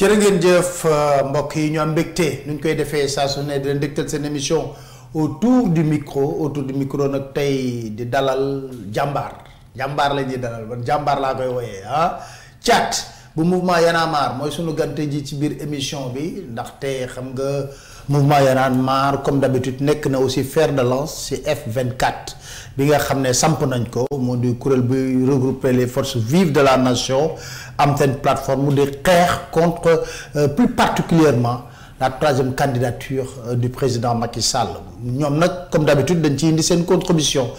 jërë ngeen jëf euh, mbokk yi ñu am avons nu ñu koy defee saa su ne de émission autour du micro autour du micro nag tey di dalal Jambar. Jambar, la ñuy dalal Jambar, là laa koy ah. chat, le mouvement Y en moi je suis le gante ji ci émission bi ndaxte xam nga mouvement Y en comme d'habitude nous na aussi fait de lance ci F24 bi nga xamné samp nañ ko mo di kuréel bu regrouper les forces vives de la nation am seen plateforme de xeex contre euh, plus particulièrement la troisième candidature euh, du président Macky Sall ñom nak comme d'habitude dañ ci indi seen contribution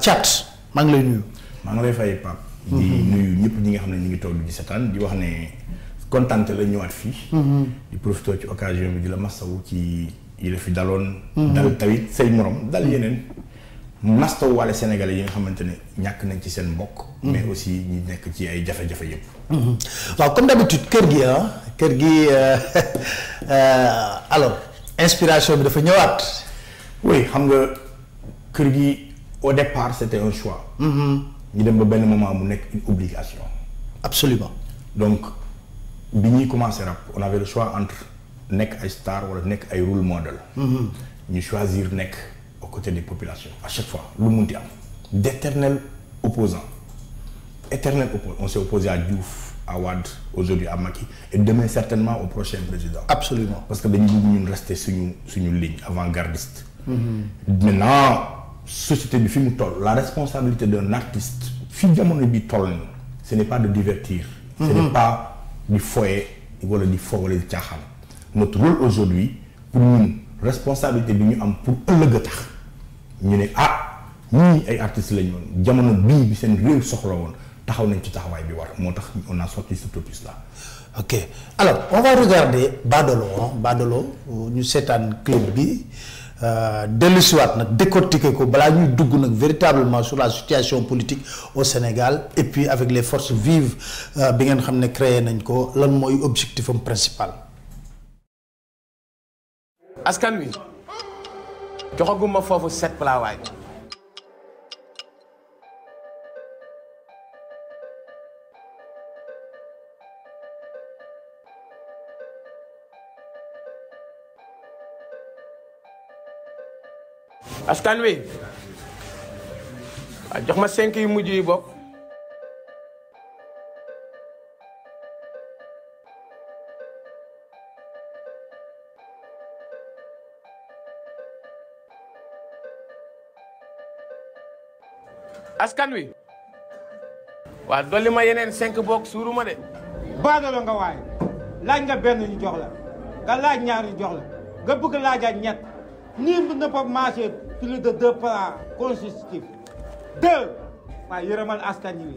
chat euh, maa ngi lay nuyu. maa ngi lay fay Pape. di mhm. nuyu ñëpp ñi nga xamné ñi ngi toog di setan di wax né kontante la ñëwaat fii. Mhm. di profité ci occasion bi di la massaw ci yi la fi daloon. Mhm. dal tawit say morom dal yeneen mastaw wala sénégalais yi nga xamante ñak nañ ci sen mbokk. mais aussi ñi nekk ci ay jafe-jafe yëpp. Mm-hmm. waaw comme d'habitude kër gi hein kër gi euh, euh alors inspiration bi dafa ñëwaat. oui xam nga kër gi au départ c'était un choix. Mm-hmm. ñi dem ba benn moment mu nekk une obligation. absolument donc bi ñuy commencer rap on avait le choix entre nekk ay star wala nekk ay rôle modèle. Mm-hmm. ñu choisir nekk des populations, à chaque fois, le mondial, d'éternels opposants. Éternels opposants. On s'est opposé à Diouf, à Wad, aujourd'hui à Maki, et demain certainement au prochain président. Absolument. Parce que nous rester sur une ligne avant-gardiste. Mm-hmm. Maintenant, société du film Toll, la responsabilité d'un artiste, ce n'est pas de divertir, ce n'est mm-hmm. pas du foyer, du Notre rôle aujourd'hui, pour nous, responsabilité de pour le ñu ah artistes a là. ok alors on va regarder Badolo hein. Badolo ñu seetaan club bi euh, nag décortiquer ko véritablement sur la situation politique au Sénégal et puis avec les forces vives euh, bi ngeen objectif principal. joxaguma foofu set plat waay askan wi jox ma cinq yu mujj yi askan wi waa dolli ma yeneen cinq bokk suuru ma de. baadalo nga waaye laaj nga benn ñu jox la laaj ñaar ñu jox la nga bëgg laajaat ñett nii ne pas marcher plus de deux plats consécutifs deux waaye yërëmal askan wi.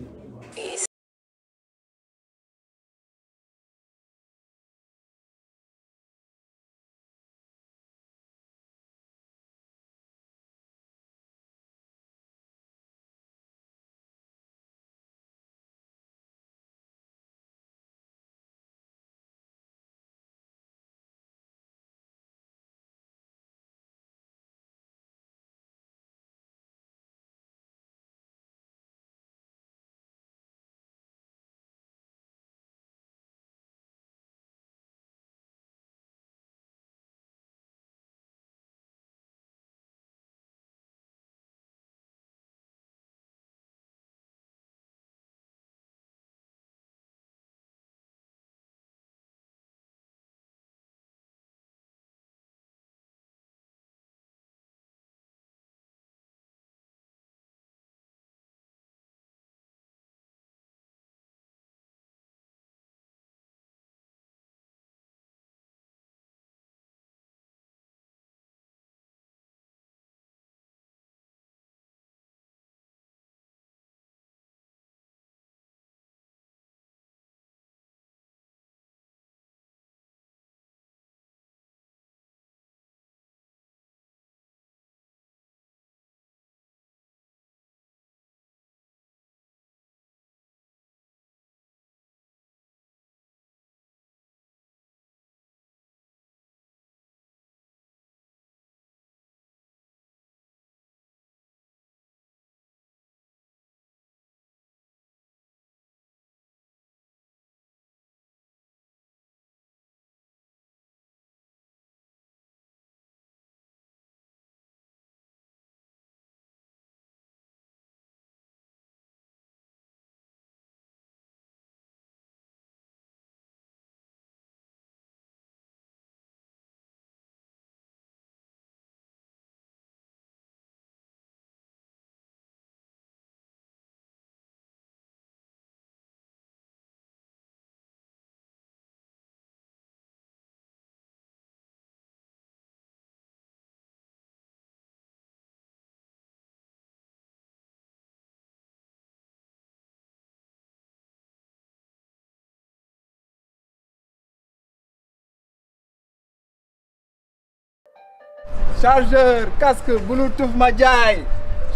chargeur casque bluetooth ma jaay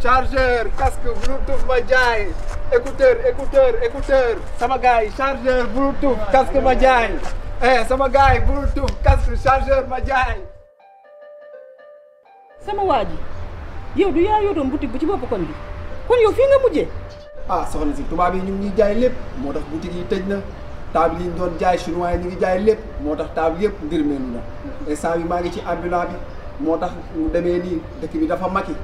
chargeur casque bluetooth ma jaay écouteur écouteur écouteur sama gars yi chargeur bluetooth casque ma jaay eh sama gars yi bluetooth casque chargeur ma jaay sama waa yow du yaa yootoon boutique bu ci bopp kon bi kon yow fii nga mujjee ah soxna si tubaab yi ñu ngi jaay lépp moo tax boutique na table yi ñu doon jaay chinois ngi jaay lépp moo tax table yëpp ndërmeelu maa ngi ci ambulant bi moo tax mu demee nii dëkk bi dafa maki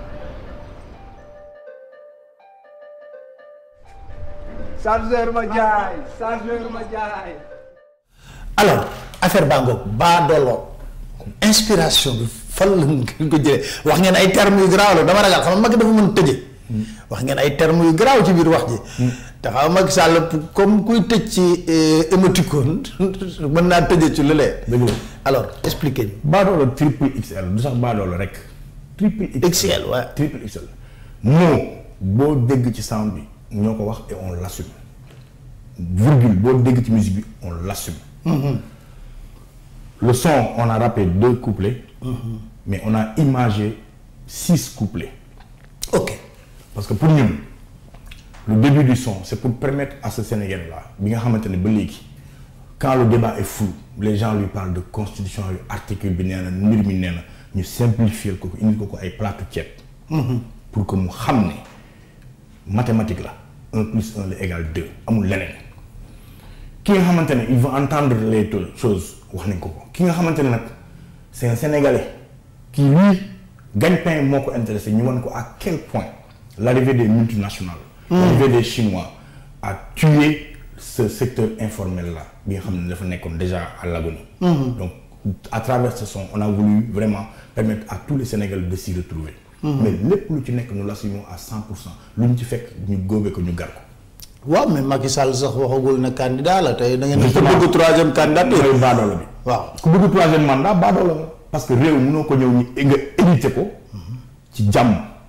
chargeur ma jaay chargeur ma jaay alors affaire baa ngoog baa dolloo inspiration bi fan la ngeen ko jëlee wax ngeen ay termes yu garaaw la dama ragal xam nga mag dafa mën tëje hmm. wax ngeen ay termes yu garaaw ci biir wax ji hmm. dafa mag Macky comme kuy tëj ci eh, émoticône mën naa tëjee ci lu dëgg la alors expliquez ñu. Baadoolo triple XL du sax Baadoolo rek. triple XL waaw triple XL. non boo dégg ci sound bi ñoo ko wax et on l' assume virgule boo dégg ci musique bi on l' assume. Mm-hmm. le son on a rappé deux couplets. Mm-hmm. mais on a imagé six couplets. ok parce que pour ñun le début du son, c'est pour permettre à ce Sénégalais-là, quand le débat est fou, les gens lui parlent de constitution, article binaire, binaire, nous simplifier le plateau mhm. pour que nous sachions mathématiques là, 1 plus 1 égale 2, amul leneen ki nga il va entendre les choses wax nañ ko c'est un sénégalais qui lui gagne-pain un ñu voyons à quel point l'arrivée des multinationales veut hmm. des Chinois à tuer ce secteur informel-là, bien qu'on déjà à l'agonie. Hmm. Donc, à travers ce son, on a voulu vraiment permettre à tous les Sénégalais de s'y retrouver. Hmm. mais les lu que nous l'assumons à 100 pour cent lu que nous fekk ñu góobe ko ñu gar ko. mais Macky Sall sax waxagul na candidat la tay da ngeen. ku bëgg troisième candidat. mooy baadoola bi. waaw ku bëgg troisième mandat la. parce que réew mëno ko ñëw ni nga ko ci jamm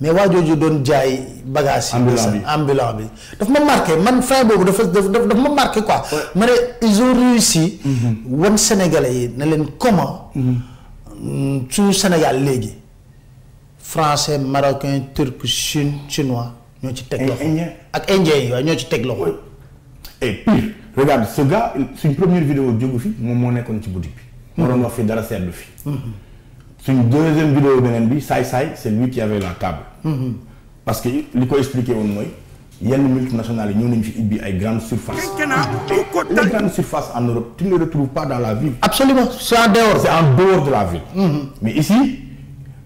mais waa jooju doon jaay bagage yi ambulant bi daf ma marqué man fin boobu dafa daf daf ma marqué quoi ma ne ils ont réussi mhm. wan sénégalais yi na leen comment mhm. suñu Sénégal léegi français marocain turc chine chinois ñoo ci teg loxo ak indien yi waaye ñoo ci teg loxo et puis regarde ce gars suñ première vidéo jógu fi moom moo nekkoon ci boutique bi moo mhm. doon wax fi dara seetlu fi une deuxième vidéo de bi ça Sai, c'est lui qui avait la table. Mm-hmm. parce que li ko expliqué il y yenn multinationales une multinationale, nañu fi une ay grandes surfaces. les grande surface en Europe tu ne le retrouves pas dans la ville. absolument c'est en dehors. c'est en dehors de la ville. Mm-hmm. mais ici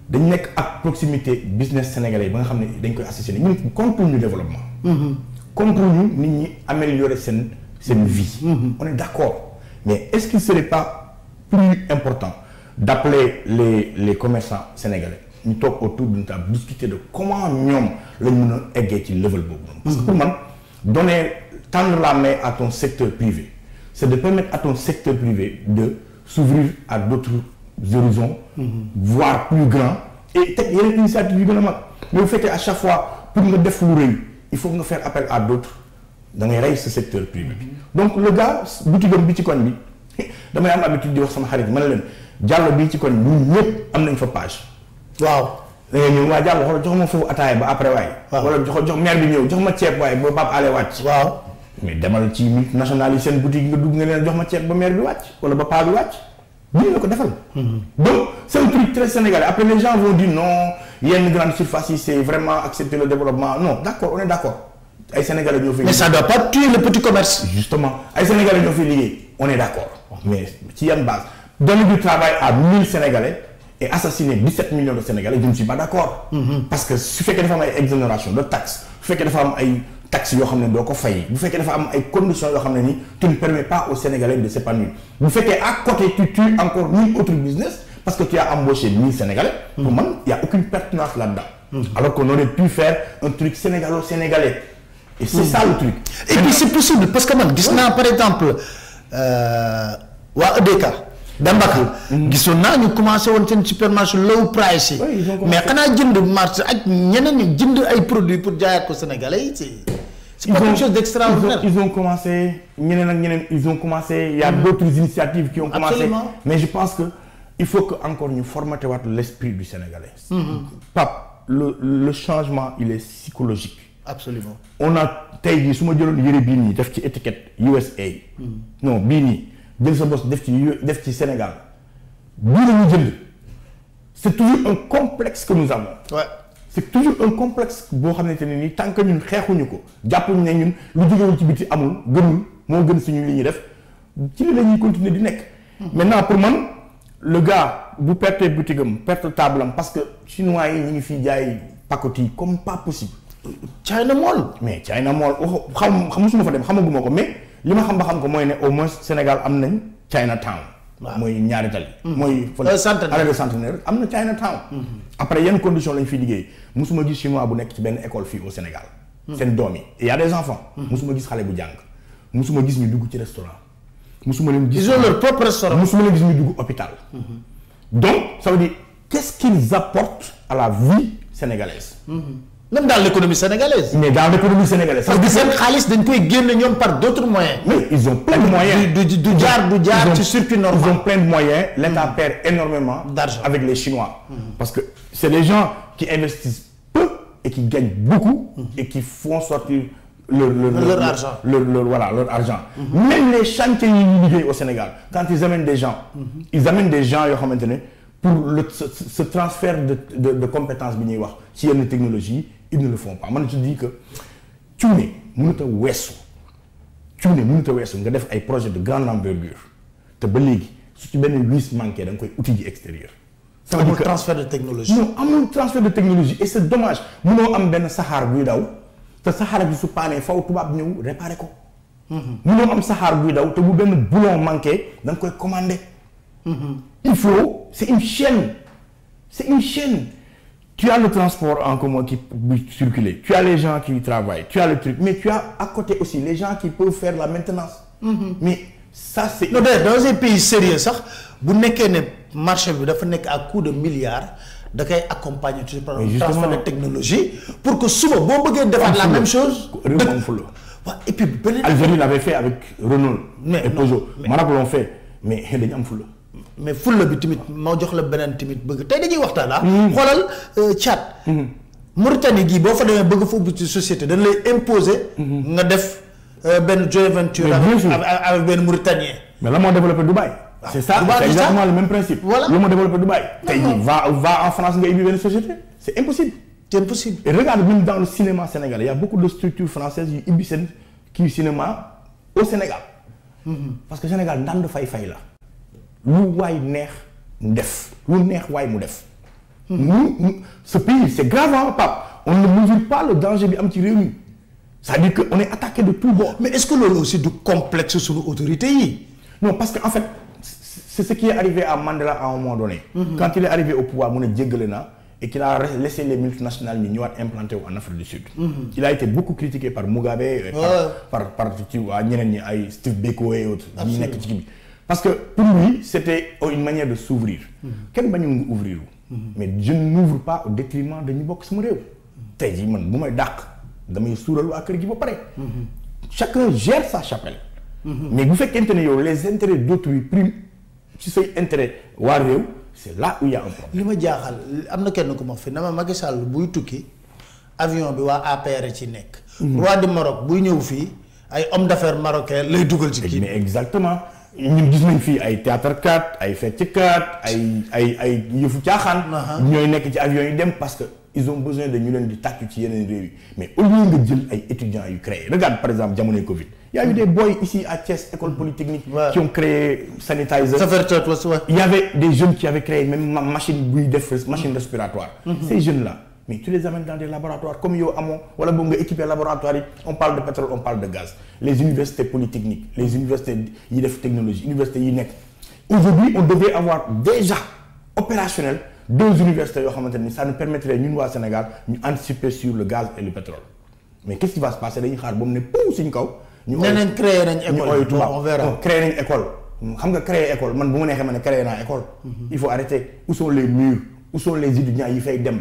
dañ à proximité business sénégalais ba nga xam ne koy contre développement. Mm-hmm. contre nous améliorer cette vie. on est d'accord mais est-ce qu'il serait pas plus important d'appeler les, commerçants sénégalais Nous sommes autour d'une table discuter de comment nous a level parce que donner tendre la main à ton secteur privé c'est de permettre à ton secteur privé de s'ouvrir à d'autres horizons mhm. voire plus grand, et il y a une initiative du mais à chaque fois pour me défouler, il faut nous faire appel à d'autres dans les règles ce secteur privé mhm. donc le gars boutique jàllo bi ci kon ñun ñëpp am nañ fa page. waaw da ngay ñëw waa jàllo xool jox ma foofu ataay ba après waaye. wala jox jox maire bi ñëw jox ma ceeb waaye ba Pape Alé wàcc. waaw mais demal ci multinationales yi seen boutique nga dugg nga leen jox ma ceeb ba maire bi wàcc wala ba paa bi wàcc. buñ la ko defal. Mhm. donc c'est un truc très sénégalais après les gens vont dire non yenn grande surface yi c'est vraiment accepter le développement non d'accord on est d'accord. ay sénégalais ñoo fi. mais ça doit pas tuer le petit commerce. justement ay sénégalais ñoo fi liggéey on est d'accord mais ci yan base donner du travail à 1000 Sénégalais et assassiner 17 millions de Sénégalais, je ne suis pas d'accord. Mhm. Parce que si fait qu'elle fait une exonération de taxes, fait qu'elle fait une taxe, vous faites qu'elle fait une condition, tu ne permets pas aux Sénégalais de s'épanouir. Vous faites qu'à côté, tu tues encore 1000 autres business parce que tu as embauché 1000 Sénégalais. Mhm. Pour moi, il n'y a aucune pertinence là-dedans. Mhm. Alors qu'on aurait pu faire un truc sénégalo-sénégalais. Et c'est ça le truc. Et puis c'est possible parce que maintenant, par exemple, euh, Dambaka gisoon naa ñu commencé won sen supermarché low price mais xana jënd marché ak ñeneen ñi jënd ay produits pour jaayaat ko Sénégalais c'est c'est pas quelque chose d'extraordinaire. ils ont commencé ñeneen ak ñeneen ils ont commencé il y a d'autres initiatives qui ont commencé mais je pense que il faut que encore ñu formaté waat l'esprit du Sénégalais. Mm-hmm. Pape le changement il est psychologique. absolument on a tay jii suma ma yéré bi ni def ci étiquette USA. Mm. non Bini. ni jël sa bos def ci def ci Sénégal bii la ñu jënd c' est toujours un complexe que nous avons. Ouais. c' est toujours un complexe boo xamante ne nii tant que ñun xeexuñu ko jàppuñu ne ñun lu jógewul ci biti amul gënul moo gën suñu li ñuy def ci li lañuy continuer di nekk. Hmm. maintenant pour man le gars bu perte boutique am perte table am parce que chinois yi ñu ngi fiy jaay pacotille comme pas possible. China Mall mais China Mall xam xam musuma fa dem xamaguma ko mais li ma xam ba xam ko mooy ne au moins Sénégal am nañ Chinatown. waaw mooy ñaari tali. Mm-hmm. mooy fële euh, centenaire centenaire am na Chinatown. Mm-hmm. après yenn condition lañ fi liggéey musuma gis chinois bu nekk ci benn école fii au Sénégal. Mm-hmm. seen doom yi il y a des enfants. musuma gis xale bu jàng. musuma gis ñu dugg ci restaurant. musuma leen gis ils ont leur propre restaurant. musuma leen gis ñu dugg hôpital. donc ça veut dire qu'est-ce qu'ils apportent à la vie sénégalaise même dans l'économie sénégalaise. mais dans l'économie sénégalaise. parce que les Sénégalais, ils koy par d'autres moyens. mais ils ont plein de moyens. du du du ils ont plein de moyens. l'État mmh. perd énormément. d'argent avec les Chinois. Mmh. parce que c'est les gens qui investissent peu et qui gagnent beaucoup. Mmh. et qui font sortir. leur leur argent même les chantiers au Sénégal quand ils amènent des gens. ils amènent des gens pour le ce transfert de compétences. de y a une technologie ils ne le font pas Moi, je dis que cuune mënut a weesu tu mënut a weesu nga def ay projet de grande envergure te ba si su ci une wiis manqué da nga koy outil extérieur ça veut dire transfert de technologie non un transfert de technologie et c'est dommage mënoo am benn saxaar buy daw te saxaar bi su paanee tu tubaab ñëw réparer ko mhm. mënoo am saxaar buy daw te bu benn boulon manqué da nga commander. commandé mhm. il faut c'est une chaîne c'est une chaîne tu as le transport en commun qui peut circuler, tu as les gens qui travaillent, tu as le truc, mais tu as à côté aussi les gens qui peuvent faire la maintenance. Mhm. Mais ça, c'est. Non, dans un pays sérieux, ça, vous n'avez qu'un marché, vous n'avez à coût de milliards. da koy accompagner tu par le transfert de technologie pour que souvent boo bëggee defaat la même chose. Algérie l'avait fait avec Renault. mais et Peugeot Maroc l'ont fait mais dañu fait ça. mais fulla bi tamit moo jox la beneen tamit bëgg tey dañuy waxtaan ah. Hmm. xoolal Tchad. Euh, hmm. Mauritanie gii boo fa demee bëgg fa ubbi ci société dañ lay imposer. Hmm. nga def euh, benn joint venture. avec benn Mauritanien. mais la moo développé Dubaï. c'est ça c'est exactement le même principe. en France nga ubbi benn société c'est impossible. c'est impossible et regarde dans le cinéma sénégalais y a de structures françaises yu ubbi seen kii cinéma au Sénégal. Mm-hmm. parce que Sénégal ndànd fay-fay la. lu waay neex def lu neex mu def. ce pays c'est grave hein Pape on ne mesure pas le danger bi am ci réew mi dire qu'on est attaqué de tout bord. mais est ce que loolu aussi de complexe sur l'autorité non parce que en fait c'est ce qui est arrivé à Mandela à un moment donné. Mhm. quand il est arrivé au pouvoir mu ne et qu'il a laissé les multinationales ñu ñëwaat en Afrique du Sud. Mhm. il a été beaucoup critiqué par Mugabe. par par par tu vois ay Steve Beko et autres. ci bi. Parce que pour lui, c'était une manière de s'ouvrir. Quelle mhm. manière ouvrir mhm. Mais je n'ouvre pas au détriment de Nibok Smurew. Mhm. T'as dit, man, vous dak, damay souralu ak gi ba paré. Chacun gère sa chapelle. Mais vous faites qu'entendre les intérêts d'autrui prime ci say intérêt wa rew, c'est là où il y a un problème. Ce Lima jaxal amna kenn ko ma fi dama Macky Sall buy tukki avion bi wa APR ci nek. Roi du Maroc Bouy ñew fi ay homme d'affaires marocain lay duggal ci eh, ki. Mais exactement ñun gis nañ fi ay théâtre kat ay fecckat ay ay ay yëfu caaxaan. Uh-huh. ñooy nekk ci avion yi dem parce que ils ont besoin de ñu di ci yeneen mais au lieu de jël ay étudiants yu regarde par exemple jamonoy Covid. il y a eu des boys ici à Thiès école mm-hmm. polytechnique. qui ont créé sanitizer. Il y avait des jeunes qui avaient créé même machine buy def machine mm-hmm. respiratoire. Mm-hmm. ces jeunes là mais tu les amènes dans des laboratoires comme Yo y voilà, des équipe équipé laboratoire on parle de pétrole on parle de gaz les universités polytechniques les universités de technologie, technologie universités yi aujourd'hui on devait avoir déjà opérationnel deux universités ça nous permettrait nous, au Sénégal ñu anticiper sur le gaz et le pétrole mais qu'est-ce qui va se passer les xaar ne école on verra créer école créer école école mhm. il faut arrêter où sont les murs où sont les étudiants Ils fay dem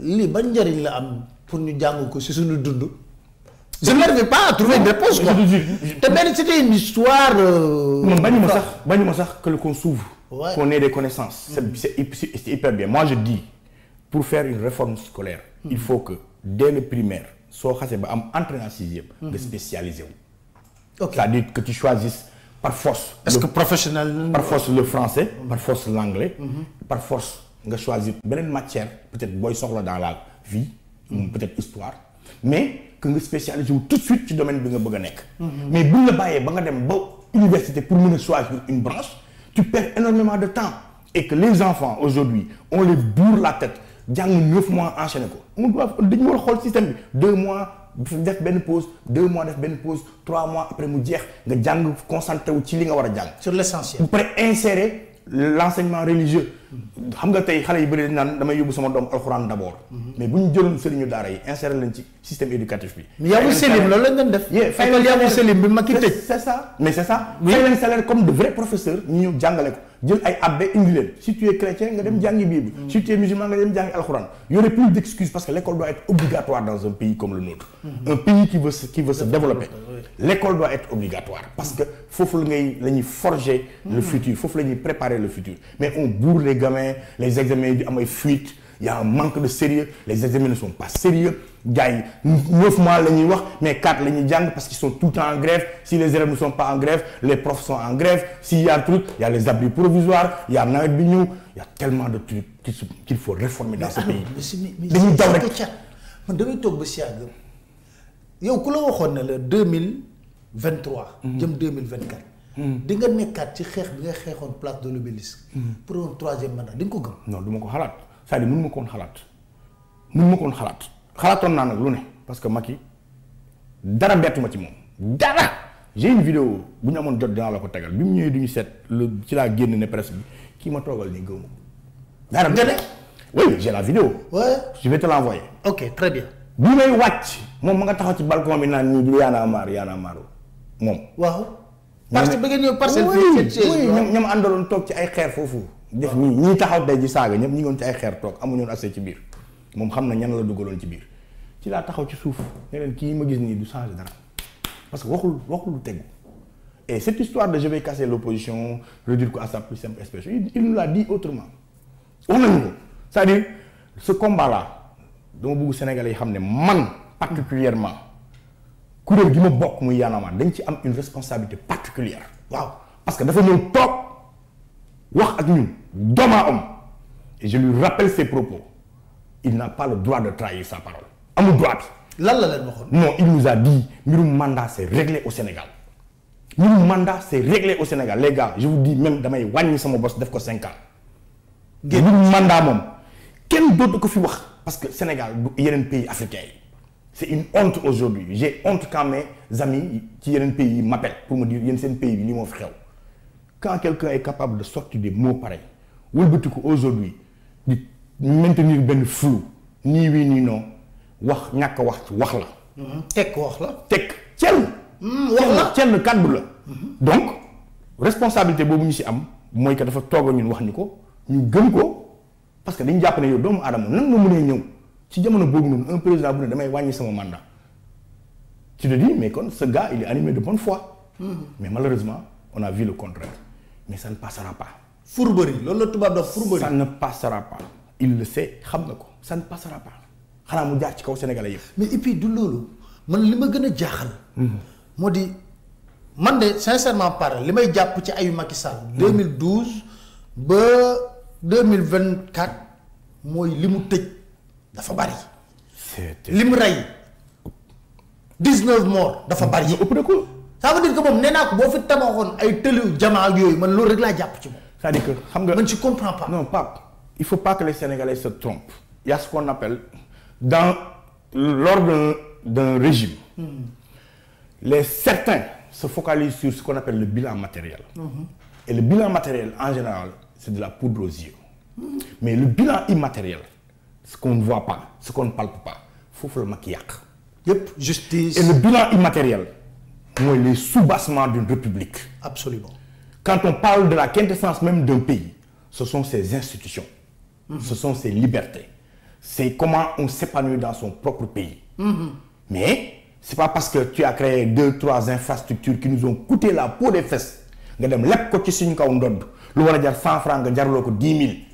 li ban la am pour ñu jàng ko si suñu dund. je n'arrive pas à trouver une réponse quoi. te c'était une histoire. Non, bañu sax sax que le qu'on s'ouvre. qu'on ait des connaissances. Mm-hmm. c'est hyper bien moi je dis pour faire une réforme scolaire. Mm-hmm. il faut que dès le primaire soit qu'on ba am entrée en sixième. de mm-hmm. spécialisé c'est-à-dire que tu choisisses par force. est-ce le, que professionnel. par force le français. par force l'anglais. par force nga choisir benen matière peut-être boy soxla dans la vie. Mm. peut-être histoire. mais que nga spécialisé tout de suite ci domaine bi nga bëgg mais buñ la bayé ba nga dem ba université pour mën choisir une branche. tu perds énormément de temps. et que les enfants aujourd'hui on les bourre la tête jang 9 mois enchaîné ko mu dañu le xol système bi deux mois. def une pause 2 mois def une pause 3 mois après mu jeex nga jang concentré wu ci li nga wara jang sur l'essentiel. pour insérer l'enseignement religieux xam nga que les yu bëri naan damay d'abord mais bu ñu jëloon sëriñu système éducatif bi yabu selim loolu lañ doon def fay vous selim c'est ça mais c'est ça fay salaire comme de vrais professeurs ñu ñëw si tu es chrétien nga dem jàngi bible mm. si tu es musulman nga dem jàngi Il y aurait plus d'excuses parce que l'école doit être obligatoire dans un pays comme le nôtre mm-hmm. un pays qui veut se qui veut se développer l'école doit être obligatoire parce que faut ngay forger mm. le futur foofu la préparer le futur mais on bourre les gamins les examens sont am il y a un manque de sérieux les examens ne sont pas sérieux gars neuf mois la wax mais quatre mois parce qu'ils sont tout le temps en grève si les élèves ne sont pas en grève les profs sont en grève s'il y a truc il y a les abris provisoires il y a nawet il y a tellement de trucs qu'il faut réformer dans ce pays dañuy daw rek man damay toog ba si yàgg yow ku la waxoon ne la deux mille vingt trois mhm. jëm deux mille vingt quatre mhm. di nga nekkaat ci xeex bi nga place de l'Obélisque mhm. pour un troisième mandat di ko gëm non du ma ko xalaat c'est-à-dire mënu ma koon xalaat mënu ma xalaatoon naa nag lu ne parce que Macky dara bettuma ci moom dara j'ai une vidéo bu ñu amoon jot dinaa la ko tegal bi mu ñëwee du ñu seet lu ci laa génn ne presse bi kii ma toogal nii gëw ma dara nga ne oui j'ai la vidéo ouais je vais te l'envoyer ok très bien bi may wàcc moom ma nga taxaw ci balcon bi naan ñii yaa naa maar yaa naa maar moom waaw parce que ba ngeen ñëw parcelle ñoom ñoom àndaloon toog ci ay xeer foofu def nii ñii taxaw day ci saaga ñëpp ñi ngoon ci ay xeer toog amuñoon accès ci biir moom xam na ñan la dugaloon ci biir ci laa taxaw ci suuf ne leen kii ma gis nii du changé dara parce que waxul waxul lu tegu et cette histoire de je vais casser l'opposition réduire ko à sa plus simple expression il nous l'a dit autrement wax nañu ko c'est-à-dire ce combat là dama bëgg Sénégalais yi man particulièrement kuréel gi ma bokk muy dañ ci am une responsabilité particulière waaw parce que dafa ñëw toog wax ak ñun doomaa am et je lui rappelle ses propos il n'a pas le droit de trahir sa parole Amou droit non il nous a dit le mandat c'est réglé au Sénégal Le mandat c'est réglé au Sénégal les gars je vous dis même damay wàññi sama boss def ko 5 ans. Le mandat moom kenn peut ko fi parce que le Sénégal est un pays africain c'est une honte aujourd'hui j'ai honte quand mes amis qui est un pays m'appellent pour me dire c'est un pays bi li mon fi quand quelqu'un est capable de sortir des mots pareils aujourd'hui, aujourd'hui maintenir ben flou ni oui ni non wax a wax wax la. Mhm. Tek wax la. Tek, ciel mhm, wax la cenn cadre la. Mhm. donc responsabilité bobu ñu ci am moy ka dafa togo ñun wax ni ko ñu gëm ko parce que dañu japp ne yow doomu adam nan Si mënee ñew ci jamono boobu noonu un président bu ne damay wañi sama mandat tu te dis mais kon ce gars il est animé de bonne foi. mais malheureusement on a vu le contraire mais ça ne passera pas. fourberie loolu tu tubaab fourberie. ça ne passera pas il le sait xam na ko ça ne passera pas xanaa mu jaar ci kaw Sénégalais yëpp. mais et puis du loolu man li ma gën a jaaxal. Hmm. moo di man de sincèrement parle li may jàpp ci ayu Macky Sall. 2012 hmm. ba 2024 mooy li mu tëj dafa bari. li mu rey 19 morts dafa hmm. bari. ëpp na ko. ça veut dire que moom nee naa ko boo fi tabaxoon ay tëlu jamaal yooyu man loolu rek laa jàpp ci moom. c'est-à-dire que xam nga man ci comprends pas. non Pape il ne faut pas que les Sénégalais se trompent. Il y a ce qu'on appelle, dans, l'ordre d'un régime, hmm. les certains se focalisent sur ce qu'on appelle le bilan matériel. Hmm. Et le bilan matériel, en général, c'est de la poudre aux yeux. Hmm. Mais le bilan immatériel, ce qu'on ne voit pas, ce qu'on ne parle pas, il faut faire le maquillage. justice. Et le bilan immatériel, c'est sous-bassement d'une république. Absolument. Quand on parle de la quintessence même d'un pays, ce sont ses institutions. Ce sont ses libertés. C'est comment on s'épanouit dans son propre pays. Mais ce n'est pas parce que tu as créé deux, trois infrastructures qui nous ont coûté la peau des fesses. nga dem lépp ko ci suñ kaw ndodd lu war jar cent francs, nga jarloo ko dix mille.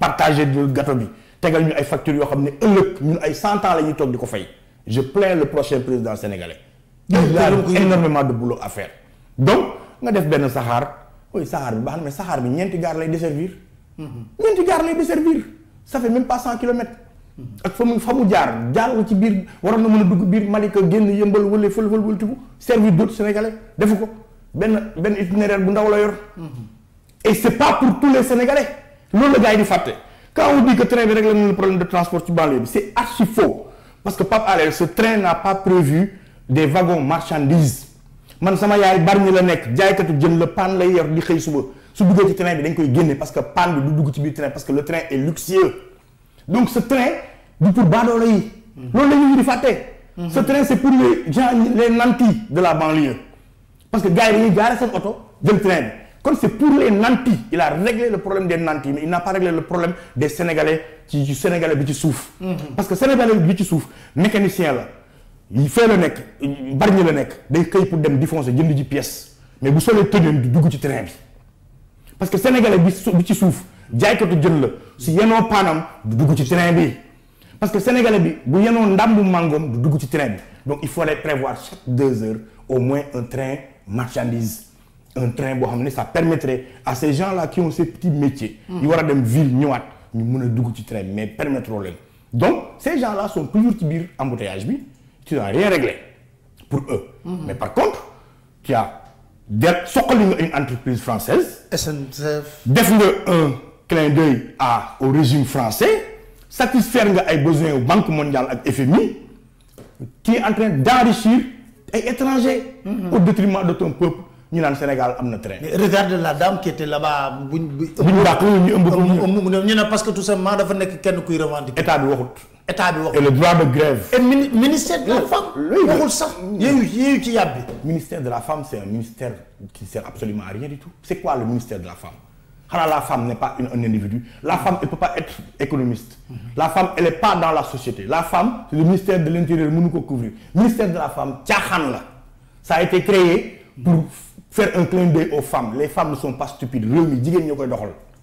partagé du gâteau bi tegal ñu ay factures yoo xam ne ëllëg ay 100 ans la ñuy di je plains le prochain président sénégalais. il a énormément de boulot à faire donc nga def à saxaar oui ça bi baax na mais il bi ñeenti gaar lay desservir. ñeenti gaar lay desservir ça fait même pas 100 km. ak il faut fa mu jaar jaarul ci biir waroon na mën a dugg biir Malika génn yëmbal wala fël fël wëltiku servir d'autres sénégalais defu ko Ben, ben itinéraire bu ndaw la yor. et c'est pas pour tous les sénégalais. C'est le gars yi di quand on dit que train bi réglé le problème de transport ci banlieue c'est archi faux parce que à l'air, ce train n'a pas prévu des wagons marchandises man sama yaay bari ñu la nekk jaaykatu jën la paan lay yor di xey suba su duggee ci train bi dañ koy génne parce que pan bi du dugg ci biir train parce que le train est luxueux donc ce train du pour baadoolo yi loolu la ñu di faté. ce mhm. train c'est pour les gens les nantis de la banlieue parce que gars yi dañuy gaare auto, oto jël train Comme c'est pour les nantis il a réglé le problème des nantis mais il n'a pas réglé le problème des sénégalais ci sénégalais bi ci souf mhm. parce que sénégalais bi ci souf mécanicien la il fait le bari ñi le nekk day xëy pour dem défoncer jënd une pièce mais vous solee tëneen du dugg ci terrain bi parce que sénégalais bi bi si suuf jaaykatu jën la si yenoo panam, du dugg ci terrain bi parce que sénégalais bi bu yenoo ndàmbu mangom, du dugg ci terrain bi donc il faudrait prévoir chaque deux heures au moins un train marchandise un train pour ça permettrait à ces gens là qui ont ces petits métiers ils war des dem ville ñëwaat ñu mën du dugg ci train mais permettre ils donc ces gens là sont toujours tibir embouteillage bi tu n'as rien réglé pour eux. Mais par contre, tu as d'être une entreprise française. SNCF. def un clin d'œil au régime français satisfaire nga ay besoins banque mondiale et FMI qui est en train d'enrichir les étrangers. au détriment de ton peuple nous, sommes Sénégal am train. regarde la dame qui était là-bas ñu parce que tout simplement dafa nekk kenn kuy revendiquer. état de et le droit de grève. et ministère de la femme. le ministère de la femme c'est un ministère qui ne sert absolument à rien du tout. c'est quoi le ministère de la femme la femme n'est pas un individu la femme elle peut pas être économiste. Mhm. la femme elle n'est pas dans la société la femme c'est le ministère de l'intérieur le ministère de la femme ça a été créé pour faire un clin d'œil aux femmes les femmes ne sont pas stupides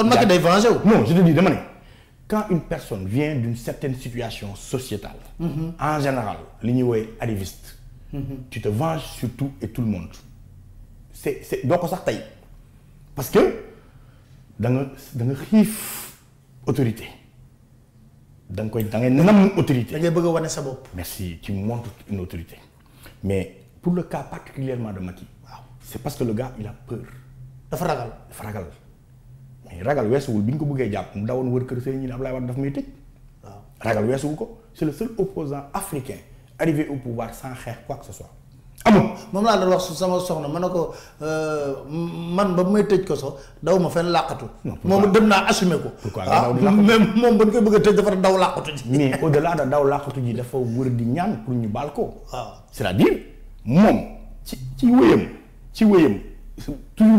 non je te dis quand une personne vient d'une certaine situation sociétale. Mm-hmm. en général mm-hmm. tu te venges sur tout et tout le monde. c'est donc ça parce que dans nga autorité dans une autorité. merci tu montres une autorité mais pour le cas particulièrement de Maki, c'est parce que le gars il a peur. Il a ragal weesuwul bi ñu ko bëggee jàpp mu dawoon wër kër sëriñ ñi ne Ablaye Wade daf may tëj waaw ragal weesuwul ko c'est le seul opposant africain arrivé au pouvoir sans xeex quoi que ce soit amul moom laa doon wax su sama soxna ma ne ko euh, man ba may tëj ko so daw ma fenn làqatu moom dem naa assumé ko ah, même moom ba ñu koy bëgg a tëj dafa daw làqatu ji mais au delà de daw làqatu ji dafa wër di ñaan pour ñu baal ko waaw c'est-à-dire moom ci ci wéyam ci wéyam toujours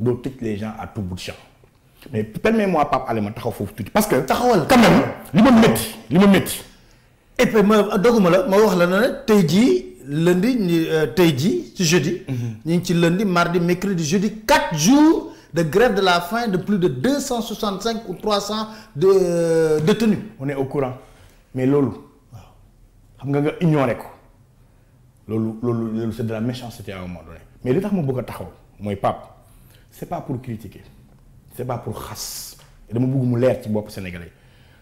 donc les gens à tout bout de champ mais permets-moi papa, de ma taxaw parce que. quand même li ma Ce et puis je doguma lundi jeudi. lundi mardi mercredi jeudi quatre jours de grève de la faim de plus de 265 ou 300 de euh, détenus. on est au courant mais lolo waaw xam nga nga lolo c'est de la méchanceté à un moment donné mais li tax ma bëgg a taxaw moi n'est pas pour critiquer ce n'est pas pour xas dama bëgg mu l'air ci bopp sénégalais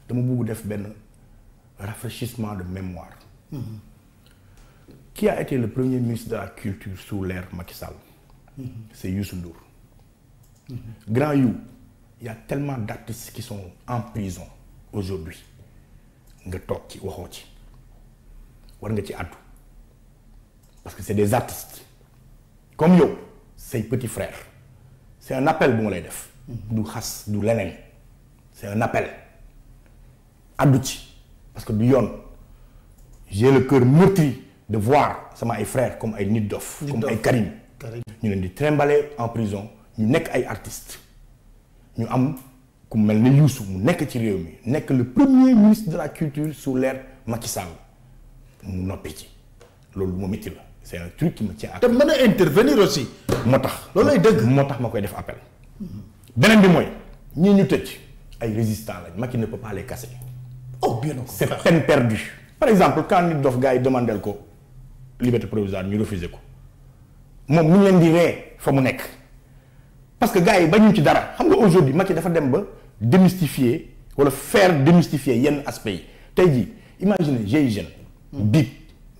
dama bëgg faire un rafraîchissement de mémoire qui a été le premier ministre de la culture sous l'ère Macky Sall c'est Youssou Ndour grand You il y a tellement d'artistes qui sont en prison aujourd'hui parce que c'est des artistes comme c'est say petits frères c'est un appel bon, du du c'est un appel. Adouti. parce que du j'ai le cœur meurtri de voir ça frères comme ay nit comme un Karim. Nous sommes en prison nous sommes des artistes Nous sommes comme mel Youssou mu tiré ci le premier ministre de la culture sous l'ère Macky Sall nous ci ce que c'est un truc qui me tient à cœur. te on a intervenir aussi. moo tax loolay dëgg moo ma koy def appel. Benen bi moy ñi ñu tecc ay résistants lañ maki ne peut pas les casser. oh bien non c'est peine perdue. par exemple quand nit dof gars yi demandel ko liberté provisoire ñu refuser ko mom mu leen di ree fa mu parce que gars bañu ci dara xam nga aujourd'hui Macky dafa dem ba démystifier wala faire démystifier yenn aspect tay ji imagine imaginez jeune, BIP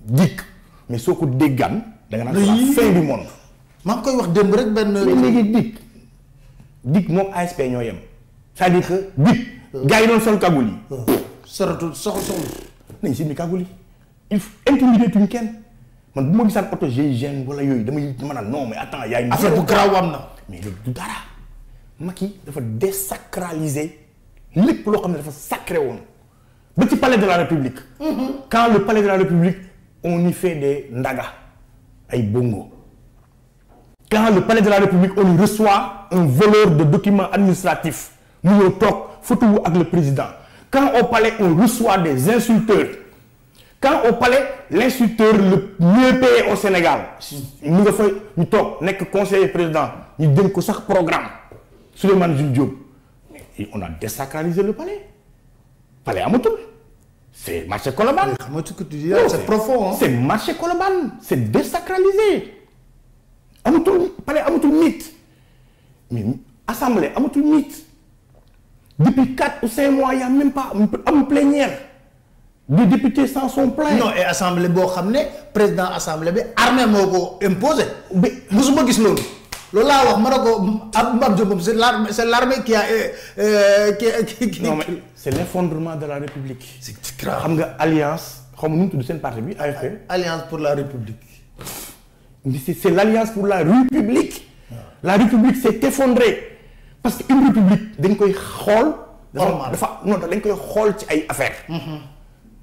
dik mais soo ko déggaan. da nga naan la fin du monde. maa ngi koy wax mais ASP c'est-à-dire que les gars yi doon sol kagul yi. soratul si ni kagul yi. il faut intimider tuñ kenn man bu ma gisaan oto wala dama non mais attends na. mais léegi du dara. des dafa désacraliser lépp loo xam dafa sacré woon ba palais de la République. Mm-hmm. quand le palais de la République on y fait des nagas, des bongo. Quand le palais de la République, on y reçoit un voleur de documents administratifs, nous toque photo avec le président. Quand au palais, on reçoit des insulteurs. Quand au palais, l'insulteur le mieux payé au Sénégal, nous avons nous n'est que conseiller président, nous donne que chaque programme. sur le Et on a désacralisé le palais. Palais à Moutoum. C'est marché coloban. Ah, tu dis oh, c'est profond. Hein? C'est marché coloban. C'est désacralisé. Amoutou, palais, Amoutou mythe. Mais assemblée, Amoutou mythe. Depuis 4 ou 5 mois, il n'y a même pas une plénière. Les députés sans son plaints. Non, et l'Assemblée, le président de l'Assemblée, l'armée m'a imposé. Mais, vous sommes pas c'est l'armée l'armée qui a euh, euh, qui qui. non mais c'est l'effondrement de la république. C'est grave alliance comme nous alliance pour la république. C'est l'alliance pour la république. Ah. la république s'est effondrée. parce qu'une république d'un koy xool. dafa non dès koy xool ci ay affaires.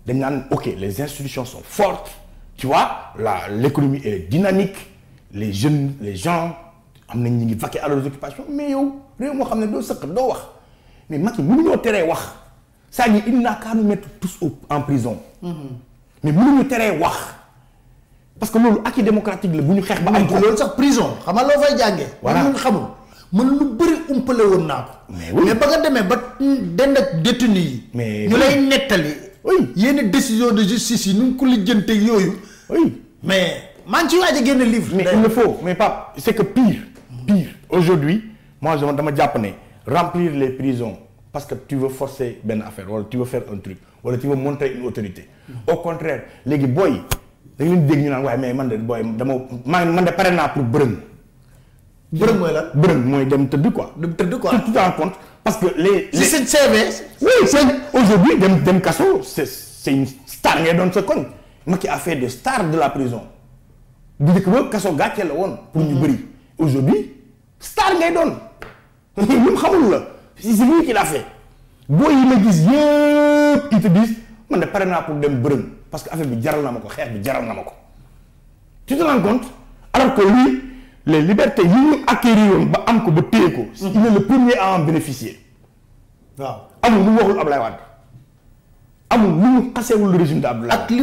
Mm-hmm. ok les institutions sont fortes. tu vois l'économie est dynamique les jeunes les gens am nañ ñu ngi vaquer à leurs occupations mais yow réew moo xam ne doo sëq doo wax mais Macky mënuñoo teree wax c'est-à-dire il n'a qu'à nous mettre tous en prison. Mm-hmm. mais mënuñu teree wax parce que loolu acquis démocratique la bu ñu xeex ba am. loolu sax prison xam nga loo fay jàngee. voilà ñu xamul man lu bëri umpale woon naa ko. mais ba nga demee ba dend ak détenu yi. mais ñu lay nettali. oui yenn décision de justice yi nu ngi ko lijjanteeg yooyu. oui mais maa ngi ci waaj a génne livre. mais il le faut mais Pape c'est que pire pire aujourd'hui moi je demande à ne remplir les prisons parce que tu veux forcer ben affaire ou tu veux faire un truc ou tu veux montrer une autorité au contraire les boys les ngeen dégg ñu mais de booy dama man de moi là pour moi bërëng mooy lan quoi mooy dem quoi dem quoi compte parce que les les c'est CV oui c'est aujourd'hui dem Kasso, c'est c'est une star dans ce compte koñ Macky a fait des stars de la prison bu njëkk un kaso gars la woon pour nous. Mhm. bëri aujourd'hui star ngay doon lu mu xamul la si si lui qui l'a fait booy yi ma gis yëpp ils te disent man de pare naa pour dem bërëm parce que affaire bi jaral na ma ko xeex bi jaral na ma ko tu te rends compte alors que lui les libertés yi ñu acquérir woon ba am ko ba téye ko. il est le premier à en bénéficier. waaw amul lu waxul Ablaye Wade amul lu mu xasewul le régime d'Abdoulaye ak li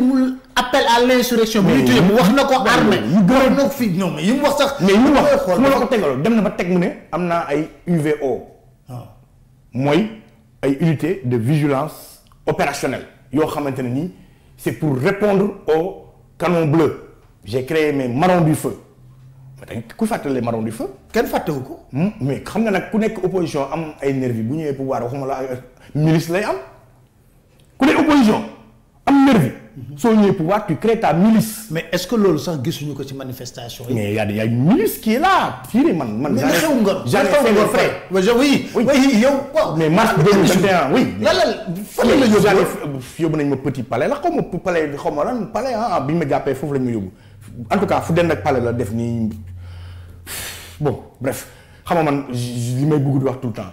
appel à l'insurrection bi mu wax na ko armée yu gën na ko fi ñoom yi mu wax sax mais yi mu wax su ma la ko tegaloo dem na ba teg mu ne am naa ay UVO ah. mooy ay unité de vigilance opérationnelle yo xamante ne c'est pour répondre au canon bleu j'ai créé mes marrons du feu mais dañ ku fàttali les marrons du feu kenn fàttewu ko hmm? mais xam nga nag ku nekk opposition am ay nervi bu ñëwee pouvoir waxuma la euh, milice lay am ku ne opposition am nervi mhm. soo pour pouvoir tu crées ta milice. mais est-ce que l'on sax gisuñu ko ci manifestation Mais mais y a y a une milice qui est là. fii man man. mais xew nga xew nga frère. oui oui yow. mais mars 2021 ah, oui. lan la fan la yóbbu yóbbu ma petit palais la xaw ma palais xaw ma palais hein, bi me ma jàppee foofu lañ ma yóbbu en tout cas fu dend ak palais la def nii bon bref Je nga man li may bëgg di wax tout le temps.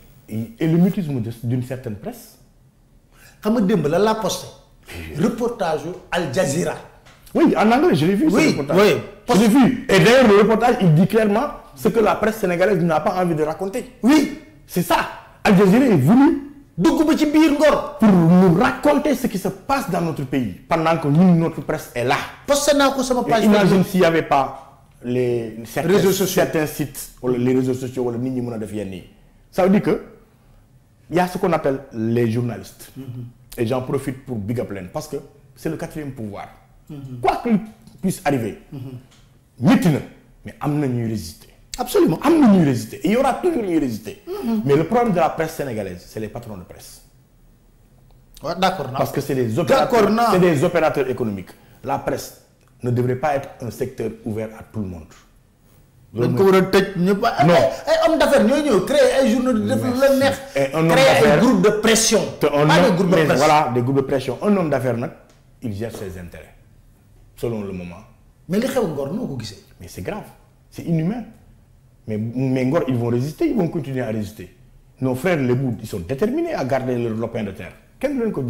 et le mutisme d'une certaine presse. quand la la posté. reportage Al Jazeera. oui en anglais je l'ai vu. oui reportage. oui vu et d'ailleurs le reportage il dit clairement ce que la presse sénégalaise n'a pas envie de raconter. oui c'est ça Al Jazeera est venu. donc pour nous raconter ce qui se passe dans notre pays. pendant que notre presse est là. Parce imagine s'il n'y avait pas. les certains, réseaux sociaux sites les réseaux sociaux wala minimum ñi ça veut dire que il y a ce qu'on appelle les journalistes. Mhm. Et j'en profite pour Big parce que c'est le quatrième pouvoir. Mhm. Quoi qu'il puisse arriver, mutine, mhm. mais amener une résister. Absolument, amener résister. Et il y aura toujours une résister. Mais le problème de la presse sénégalaise, c'est les patrons de presse. D'accord. Parce que c'est des, des opérateurs économiques. La presse ne devrait pas être un secteur ouvert à tout le monde. Un homme non hommes d'affaires nous ñëw créer un journal de le créer groupe de pression voilà des groupes de pression un homme d'affaires il gère ses intérêts selon le moment mais les xew Ngor noo ko mais c'est grave c'est inhumain mais mais Ngor ils vont résister ils vont continuer à résister nos frères les bouts, ils sont déterminés à garder leur lopin de terre Qu'est-ce qu'ils ko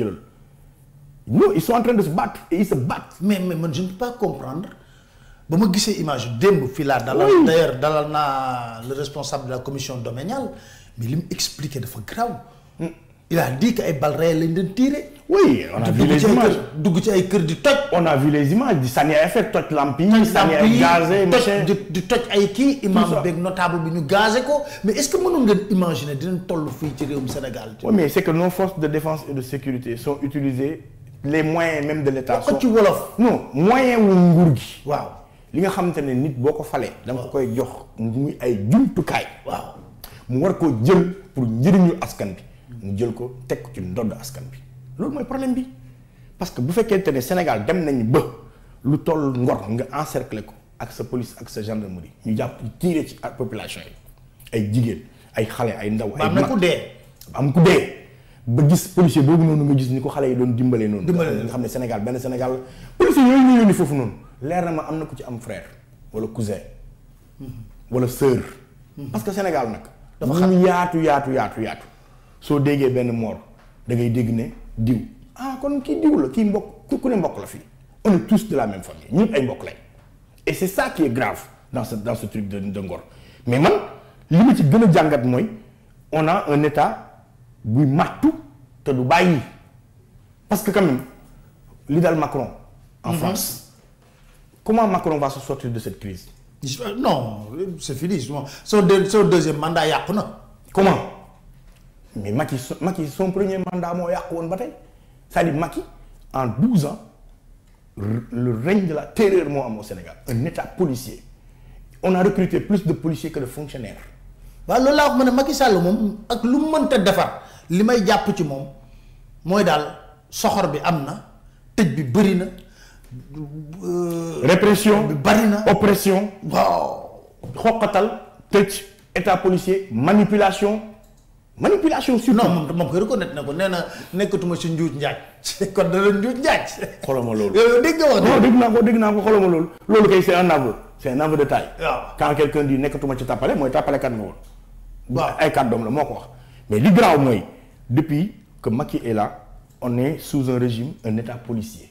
Nous, ils sont en train de se battre et ils se battent mais mais je ne peux pas comprendre je me gisee image démb fii dalal d'ailleurs dans la le responsable de la commission domaniale mais li mu expliqué dafa grave il a dit que ay balles réelles lañ tirer oui on a vu les images dugg ci ay kër du toj. on a vu les images ça sànni a effet toj lamp yi. sànni ay gazé machin du di toj ay kii. imam beeg notable bi ñu gazé ko mais est ce que vous pouvez imaginer dinañ toll fii ci au Sénégal. oui mais c'est que nos forces de défense et de sécurité sont utilisées les moyens même de l'État état. tu ko non moyen wu nguur li nga xamantene nit boko falé falee. da nga ko koy jox muy ay kay waaw mu war ko jël pour njëriñu askan bi. mu jël ko tek ci ndod askan bi. lool moy problème bi parce que bu fekkente ne Sénégal dem nañ ba lu toll ngor nga encercler ko ak sa police ak sa gendarmerie ñu japp tiré ci population yi ay jigen ay xalé ay ndaw. ay mag am na ku dee. am ku ba gis policier boobu noonu nga gis ni ko xalé yi doon dimbalé noonu. nga xamné Sénégal ben Sénégal policier yooyu ñu fofu leer na ma ci am frère wala cousin sœur parce que Sénégal nag dafa xam yaatu yaatu yaatu yaatu soo déggee benn moor da ngay dégg diw ah kon kii diw la kii mbokk ku ne la on est tous de la même famille ay et c'est ça qui est grave dans ce dans truc de mais moi, li ma ci gën a on a un état te du parce que quand même li Macron en mm-hmm. France Comment Macron va se sortir de cette crise euh, Non, c'est fini. Son, deux, deuxième mandat, il y a Comment Mais Macky, Macky, son premier mandat, il y a bataille. C'est-à-dire Macky, en 12 ans, le règne de la terreur moi, au Sénégal. Un état policier. On a recruté plus de policiers que de fonctionnaires. C'est ce que je ma Macky Sall moom ak lu mu mënta defar li may jàpp ci moom mooy daal soxor bi am na bi bëri euh, répression oppression. état policier manipulation. manipulation sur non je reconnaître c'est un aveu c'est un aveu de taille. quand quelqu'un dit que ci es un tapalé, mais le grave depuis que Macky est là on est sous un régime un état policier.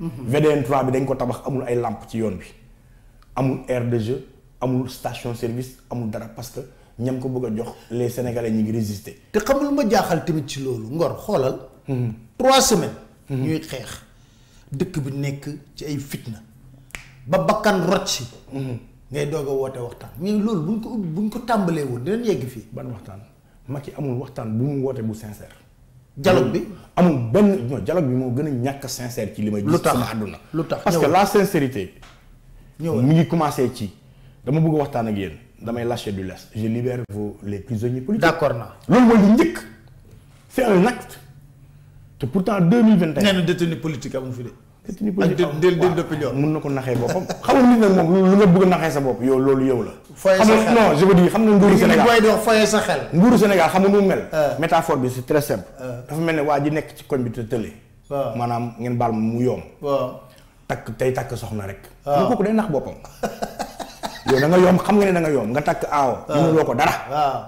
VDN 3 bi dañ ko tabax amul ay làmp ci yoon bi amul aire amul station service amul dara parce que ñam ko bëgg a jox les sénégalais ñu ngi résister. te xam lu ma jaaxal tamit ci loolu ngor xoolal. Hmm. trois semaines. Hmm. ñuy xeex dëkk bi nekk ci ay fitna ba bakkan rot si. Hmm. ngay doog a woote waxtaan mais loolu buñ ko buñ ko tàmbalee woon dinañ yegg fii. ban waxtaan ma ci amul waxtaan bu mu woote bu sincère. dialogue bi amul benn non bi moo gën a ñàkk sincère ci li ma. lu tax gis sama àdduna. lu tax parce que la sincérité. ñëw mi ngi commencé ci dama bëgg waxtaan ak yéen damay lâcher du lest je libère vous les prisonniers politiques. d'accord naa loolu mooy lu njëkk. c'est un acte te pourtant deux mille vingt et un. c'est une position ak déedéet d'opinion mën na ko naxee boppam xamul nit nag moom lu nga bëgg naxee sa bopp yow loolu yow la. foyee sa xel non je veux dire xam nga nguuru Sénégal li dox foyee sa xel. nguuru Sénégal xam nu mel. Euh. métaphore bi c'est très simple. Euh. dafa mel ne waa ji nekk ci koñ bi te tële. waaw maanaam ngeen baal ma mu yoom. waaw takk tey takk soxna rek. waaw kooku day nax boppam. yow da nga yoom xam nga ne da nga yoom nga takk aaw. waaw mënuloo ko dara. waaw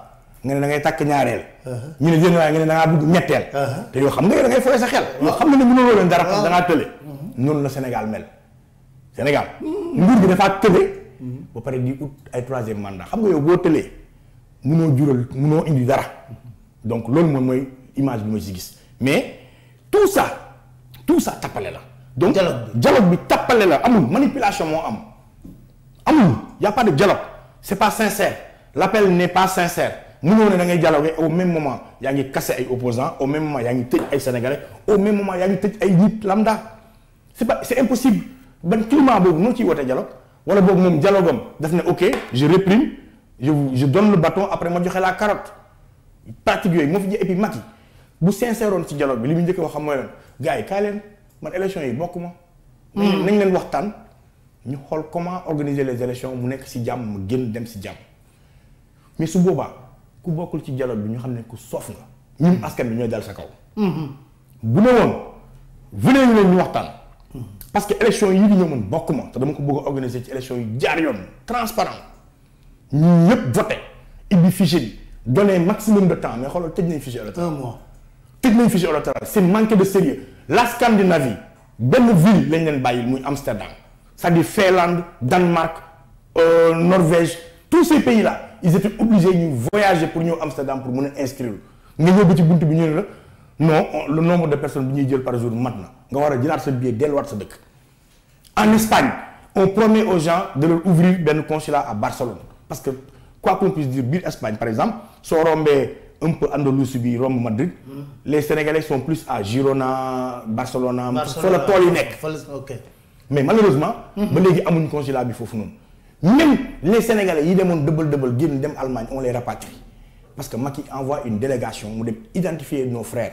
nga ne da ngay takk ñaareel. Uh-huh. ñu ne jën waaye nga da ngaa bëgg ñetteel. Uh-huh. te yow xam nga da ngay foyee sa xel. yoo xam nga ne mënuloo leen dara da ngaa tële noonu la Sénégal mel Sénégal nguur gi dafaa tële mhm. ba pare di ut ay troisième mandat xam nga yow boo tëlee munoo jural munoo indi dara donc loolu moom mooy image bi ma si gis mais tout ça tout ça tappale la donc dialogue bi tappale la amul manipulation moo am amul y a pas de dialogue c'est pas sincère l'appel n'est pas sincère mënoo ne da ngay dialoguer au même moment yaa ngi kase ay opposants au même moment yaa ngi tëj ay sénégalais au même moment yaa ngi tëj ay nit lambda c'est c'est impossible ban climat boobu noonu ci woote dialogue wala boobu mom dialogue am daf ok je réprime je je donne le bâton après ma joxé la carotte pratique yoy mo fi jë et puis Macky bu sincère ci dialogue bi li mu njëkk wax xam mooy lan gars yi kaay man élection yi bokuma ma. Hmm. nañ leen waxtaan ñu xol comment organiser les élections mu nek ci jamm mu dem ci jamm mais su boobaa ku bokul ci dialogue bi ñu xamné ko sof nga. ñun askan bi ñoy dal sa kaw. hmm bu ne won venez ñu leen waxtaan parce que élection yi di ñëw man bokk ma ko bëgg organiser ci élection yu jaar yoon transparent ñu ñëpp voter ibbi fichier bi donné maximum de temps mais xoolal tëj nañ fichier un mois tëj nañ fichier C'est c' c'est manqué de sérieux la Scandinavie benn ville lañ leen bàyyil muy Amsterdam c'est-à-dire Finlande Danemark euh, Norvège tous ces pays là ils étaient obligés de voyager pour à Amsterdam pour mën inscrire ñëw ba ci buntu bi non le nombre de personnes qui ñuy par jour maintenant, nga billet en Espagne on promet aux gens de leur ouvrir un consulat à Barcelone parce que quoi qu'on puisse dire en Espagne par exemple sur rombé un peu Andalousie Rome, Madrid hmm. les Sénégalais sont plus à Girona Barcelona mais malheureusement hmm. ba consulat même les Sénégalais ils demoon double double, dem Allemagne on les rapatrie parce que qui envoie une délégation on identifier nos frères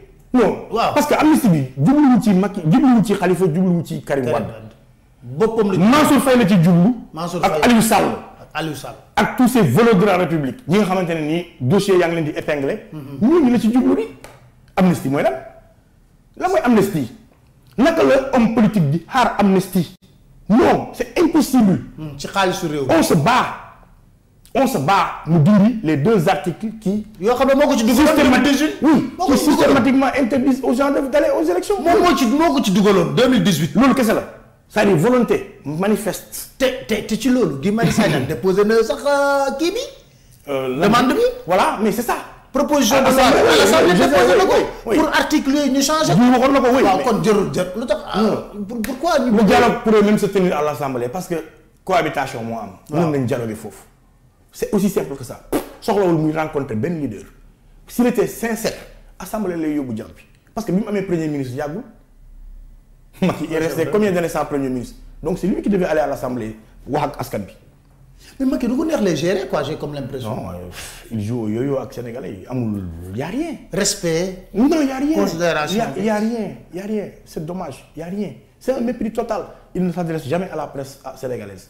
non parce que amnistie bi jubluwu ci Macky jubluwu ci Khalifa jubluwu ci Karim Wade. boppam la Mansour Faye la ci jublu. Mansour Faye ak Aliou Sall. ak Aliou Sall ak tous ces voleurs de la République. ñi nga xamante ni nii dossier yaa ngi leen di épinglé. Mm-hmm. ñooñu la ci jublu bi amnistie mooy lan la mooy amnistie naka la homme politique di xaar amnistie non c'est impossible. Mm, ci xaalisu réew on se bat on se bat nous les deux articles qui. ci systématiquement oui qui systématiquement interdisent aux gens d'aller aux élections. Moi, je ci moo ko ci dugaloon 2018. loolu kese la cest une une volonté manifeste. te te te ci loolu Guy Marius Sagna déposé na sax euh, euh, demande voilà mais c'est ça. proposition ah, de ah, loi à l'Assemblée déposé na ko pour articuler, nous changer. Ah, changé. ñu waxoon na oui pourquoi le dialogue pourrait même se tenir à l'Assemblée parce que cohabitation moi, am. waaw un dialogue dialoguer c'est aussi simple que ça que muy rencontrer Ben leader s'il était sincère assemblée les yeux parce que même le premier ministre Yagou, il est resté combien d'années sans premier ministre donc c'est lui qui devait aller à l'assemblée Wahak ak mais Macky je ko les gérer quoi j'ai comme l'impression non euh, il joue au avec avec sénégalais Il n'y a rien respect non il y a rien considération y a rien y a rien c'est dommage Il n'y a rien c'est un mépris total il ne s'adresse jamais à la presse sénégalaise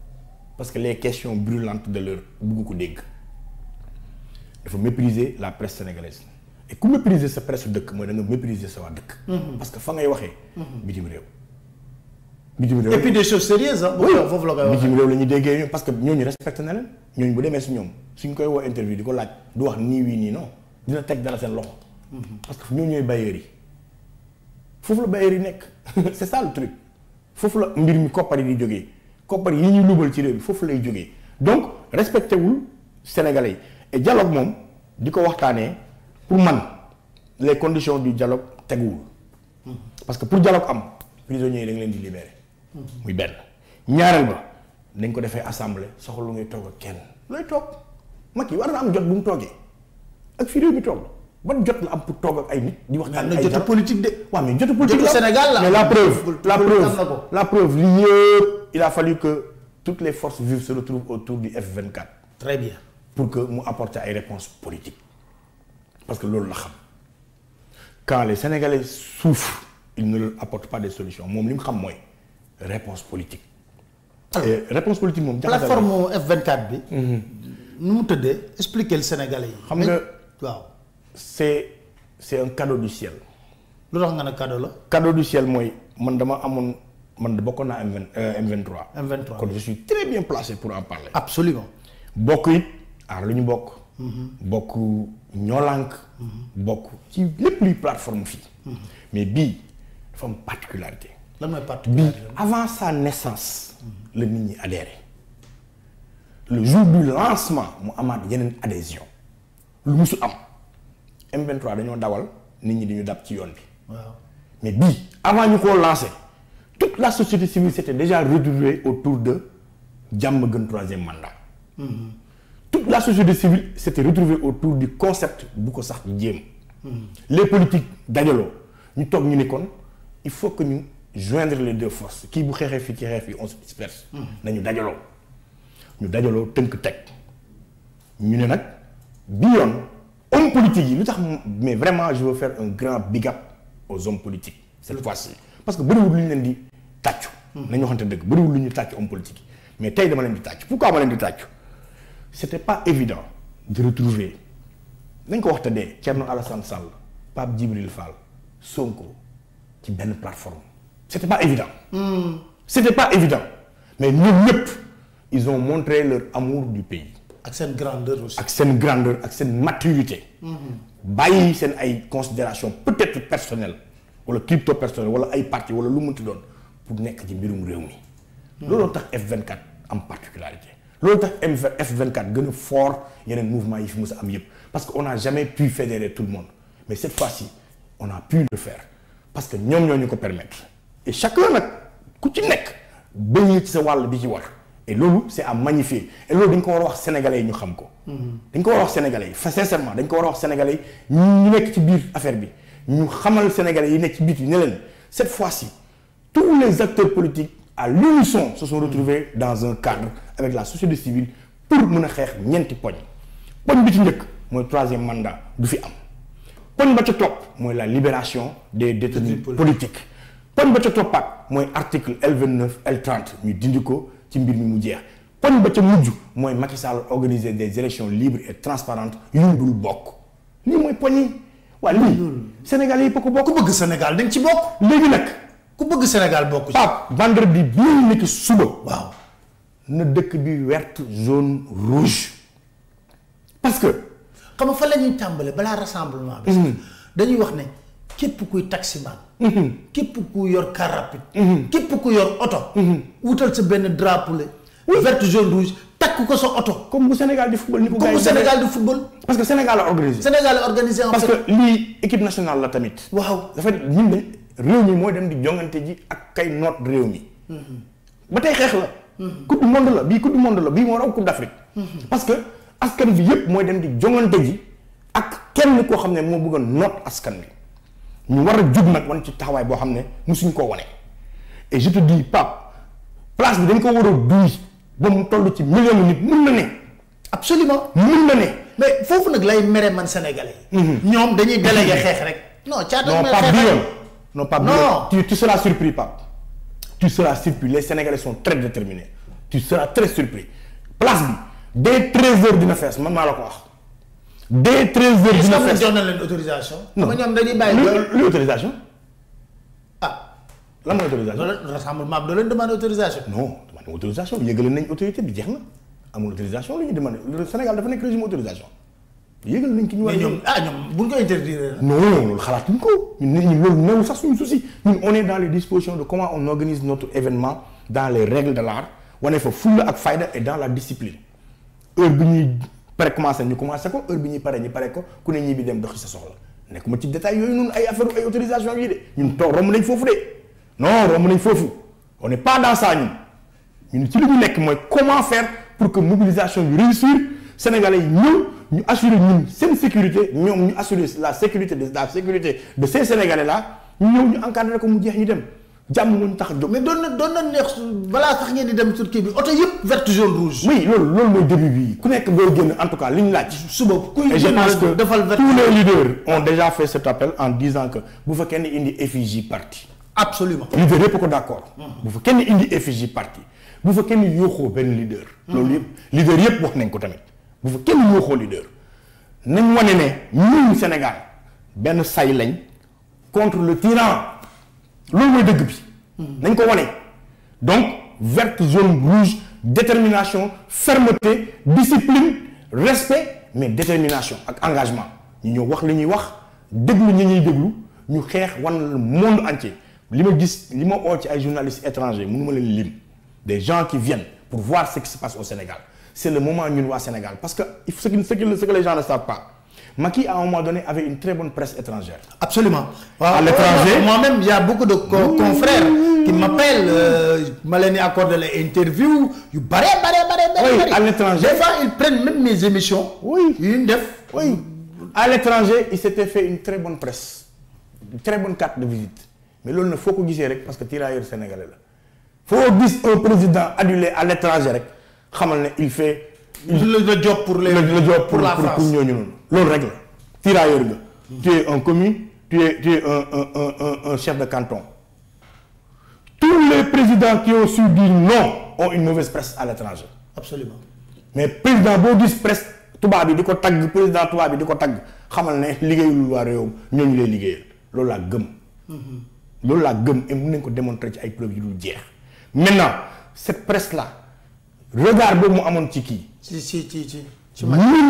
parce que les questions brûlantes de leur beaucoup ko Il faut mépriser la presse sénégalaise et comment mépriser sa presse de mooy da mépriser sa waa dëkk. Mhm. parce que fa ngay waxee. rew. Mhm. réew. bitim et puis des choses sérieuses ah. oui foofu la parce que ñu respecté na leen ñooñu bu démé si ñom. suñ koy wo interview diko ko laaj du wax ni wii ni non dina dans dara seen loxo. Mhm. parce que ñooñu ñoy bailleurs yi foofu la yi c'est ça le truc Fofu la mbir mi koppar di joggé koppar yi ñuy lubal ci réew mi foofu lay jógee donc respecté wul sénégalais yi et dialogue moom di ko waxtaanee pour man les conditions du dialogue teguwul parce que pour dialogue am prisonniers yi da leen di libérer. muy benn ñaareel ba nañ ko defee assemblée soxla lu ngay toog ak kenn looy toog mag yi war na am jot bu mu toogee ak fi réew mi toog ban jot la am pour toog ak ay nit. di waxtaan ay jotu politique de. waaw mais jot politique la Sénégal la mais la preuve. la preuve la preuve li yëpp il a fallu que toutes les forces vives se retrouvent autour du F24. Très bien. Pour que nous apportions une réponse politique. Parce que l'on Quand les Sénégalais souffrent, ils ne leur apportent pas de solutions. je réponse politique. Ah. Et réponse politique, plateforme F24, B, nous te dis, expliquez le Sénégalais. c'est C'est un cadeau du ciel. Le cadeau là Cadeau du ciel, moi, man bokkoon naa m 23 euh, M23 kon je suis très bien placé pour en parler. absolument bokk it luñu bok ñu bokk. bokk ñoolank bokk ci lepp luy plateforme fi mais bi dafa am particularité. lan mooy particularité avant sa naissance. le nit ñi adhéré. le jour du lancement mu amaat yeneen adhésion lu musu am M23 dañoo dawal nit ñi dañu dab ci yoon bi. waaw mais bii avant ñu koo lancé toute la société civile s'était déjà retrouvée autour de Diamagun troisième mandat. Toute la société civile s'était retrouvée autour du concept Bouko Diem. Les politiques, d'ailleurs, nous sommes nous il faut que nous joindre les deux forces. Qui vous fait, qui on se disperse. Mm Nous d'ailleurs, nous d'ailleurs, tant que tech. Nous sommes bien, hommes politiques, mais vraiment, je veux faire un grand big up aux hommes politiques cette fois-ci. Parce que beaucoup de gens tàccu nañu waxante deug bëriwul lu ñu tacc homme politique mais tay dama leen di pourquoi ma leen di c'était pas évident de retrouver nañ ko wax te dee Thierno Alassane Sall Pape Djibril Fall Sonko ci ben plateforme c'était pas évident hmm. c'était pas évident mais ñun ñëpp ils ont montré leur amour du pays ak sen grandeur aussi ak sen grandeur ak sen maturité hmm. bayyi sen ay considération peut-être personnelle wala crypto personnel wala ay parti wala lu mënti doon pour nekk ci mbirum réew mi. tax F24 en particularité lolu tax F24 gëna a fort yeneen mouvement yi fi il am yëpp parce que on a jamais pu fédérer tout le monde mais cette fois-ci on a pu le faire parce que nous ñoo ñu ko permettre et chacun nak ku ci nekk bëñ ci sa wall bi ci war et lolu c'est à magnifier et lolu dañ ko wax sénégalais ñu xam ko. Mm-hmm. dañ ko wax sénégalais sincèrement dañ ko war wax sénégalais yi ñu nekk ci biir affaire bi ñu xamal sénégalais yi nekk ci biir yi cette fois-ci tous les acteurs politiques à l'unisson se sont retrouvés dans un cadre avec la société civile pour mën a xeex ñeenti poñ poñ bi troisième mandat du fi am Pogne ba ca la libération des détenus politiques Pogne ba mon article L29 L30 ñu dinduko, ko ci mbir mi mu jeex poñ ba Macky Sall organiser des élections libres et transparentes yu ñu dul bokk lii mooy poñ yi waa lii beaucoup bëgg Sénégal dañ ci ku bëgg Sénégal bokk ci. Pape vendredi ni nekk suba. waaw na dëkk bi verte zone rouge. parce que. xam nga fa la ñuy tàmbale balaa rassemblement bi. Mhm. dañuy wax ne képp kuy taximan. Mhm. képp ku yor car rapide. Mhm. képp ku yor oto. wutal sa benn drapeau la. verte zone rouge takk ko sa oto. comme bu Sénégal di football ni ko gars yi Sénégal di football. parce que Sénégal a organisé. Sénégal a organisé en fait. parce que lii équipe nationale la tamit. waaw dafa ñun de. réew mi mooy dem di jongante ji ak kay noot réew mi. ba tey xeex la. coupe du monde la bii coupe monde la bii moo raw coupe d'Afrique. parce que askan bi yëpp mooy dem di jongante ji ak kenn koo xam ne moo bëgg a noot askan bi ñu war a jug nag wan ci taxawaay boo xam ne musuñ koo wane. et je te dis Pape bi dañ koo war a duy ba mu toll ci million nit mun na ne. absolument mun na ne. mais foofu nag lay mere man sénégalais. Mhm. ñoom dañuy délégué xeex rek. non caa non Non, pas Non tu, tu, seras surpris, Pape. Tu seras surpris. Les Sénégalais sont très déterminés. Tu seras très surpris. Place B, dès 13h d'une fesse, je Dès 13h d'une fesse. Est-ce qu'on l'autorisation Non. L'autorisation Ah. La mon autorisation Le rassemblement, de demande autorisation Non, demande autorisation. Il y a une autorité, il y a une autorisation. Le Sénégal a fait régime autorisation yëgal nañ ki ñu. ñom ah ñom buñ ko interdire. Hein? non non xalaatuñ ko ñun nit ñi loolu newul sax suñu souci ñun on est dans les dispositions de comment on organise notre événement dans les règles de l'art wone fa fulla ak fayda et dans la discipline heure bi ñuy précommence ñu commencé ko heure bi ñuy pare ñu pare ko ku ne ñi bi dem doxi sa soxla nekkuma ci détail yooyu noonu ay affaire ay autorisation yi de ñun toog romb nañ foofu de non romb nañ foofu on n'est pas dans ça ñun ñun ci li ñu nekk mooy comment faire pour que mobilisation bi réussir sénégalais yi ñëw nous assurer nous, sécurité, nous, assurons assurer la sécurité de la sécurité de ces Sénégalais-là, nous, nous encadrer comme nous disons, nous jàmm mun tax jóg mais donnez na voilà na neex balaa sax ngeen di dem sur kii bi oto vert jaune rouge. oui loolu loolu mooy début oui. ku nekk booy génn en tout cas li ñu laaj. suba et je pense que tous les leaders ont déjà fait cet appel en disant que bu fa kenn indi effigie parti. absolument leaders yëpp ko d'accord. accord. Hum. bu fa kenn indi effigie parti bu fa kenn yóoxoo ben leader. Hum. Le yëpp leader yëpp wax nañ ko bu est kenn leader nañ wane Sénégal Ben say contre le tyran loolu mooy dëgg bi. nañ ko wane donc verte zone rouge détermination fermeté discipline respect mais détermination ak engagement Nous ñëw wax li ñuy wax déglu ñi ñu le monde entier li ma gis li ma journalistes étrangers lim des gens qui viennent pour voir ce qui se passe au Sénégal c'est le moment ñun à Sénégal parce que ce que que les gens ne savent pas Maki, à un moment donné avait une très bonne presse étrangère. Absolument. À l'étranger. Moi-même, il y a beaucoup de confrères qui m'appellent. Euh, Malène accorde les interviews. Ils Oui, à l'étranger. Des ils prennent même mes émissions. Oui. Une def. Oui. À l'étranger, il s'était fait une très bonne presse. Une très bonne carte de visite. Mais là, il faut qu'on vous parce que ailleurs sénégalais Il faut que un président annulé à l'étranger xamal ne il fait. le job pour les. le job pour la France pour ñooñu noonu loolu rek la tirailleur nga. tu es un commis tu es tu es un un un un chef de canton. tous les présidents qui ont su dire non ont une mauvaise presse à l'étranger. absolument mais président boo gis presse tubaab bi di ko tagg président tubaab bi di ko tagg xamal ne liggéeyul waa réewam ñooñu lay liguer. loolu la gëm. Mm-hmm. loolu la gëm et mën nañ ko démontrer ci ay preuves yu dul jeex maintenant cette presse là regard boobu mu amoon ci kii. ci ci ci ci.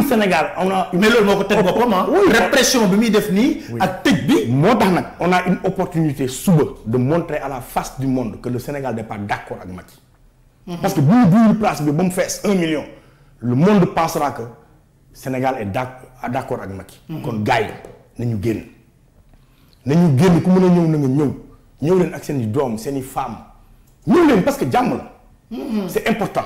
Sénégal on a. mais loolu moo ko teg boppam ah. répression bi muy def nii. ak tëj bi. moo tax on a une opportunité suba de montrer à la face du monde que le Sénégal n'est pas d'accord avec Macky. Mhm. parce que bu ñu place bi ba mu un million. le monde pensera que Sénégal est d'accord avec Macky. Mhm. kon gars yi nañu génn. nañu génn ku mën a ñëw na nga ñëw ñëw leen ak seen i doom femme. i leen parce que jàmm la. Mhm. c'est important.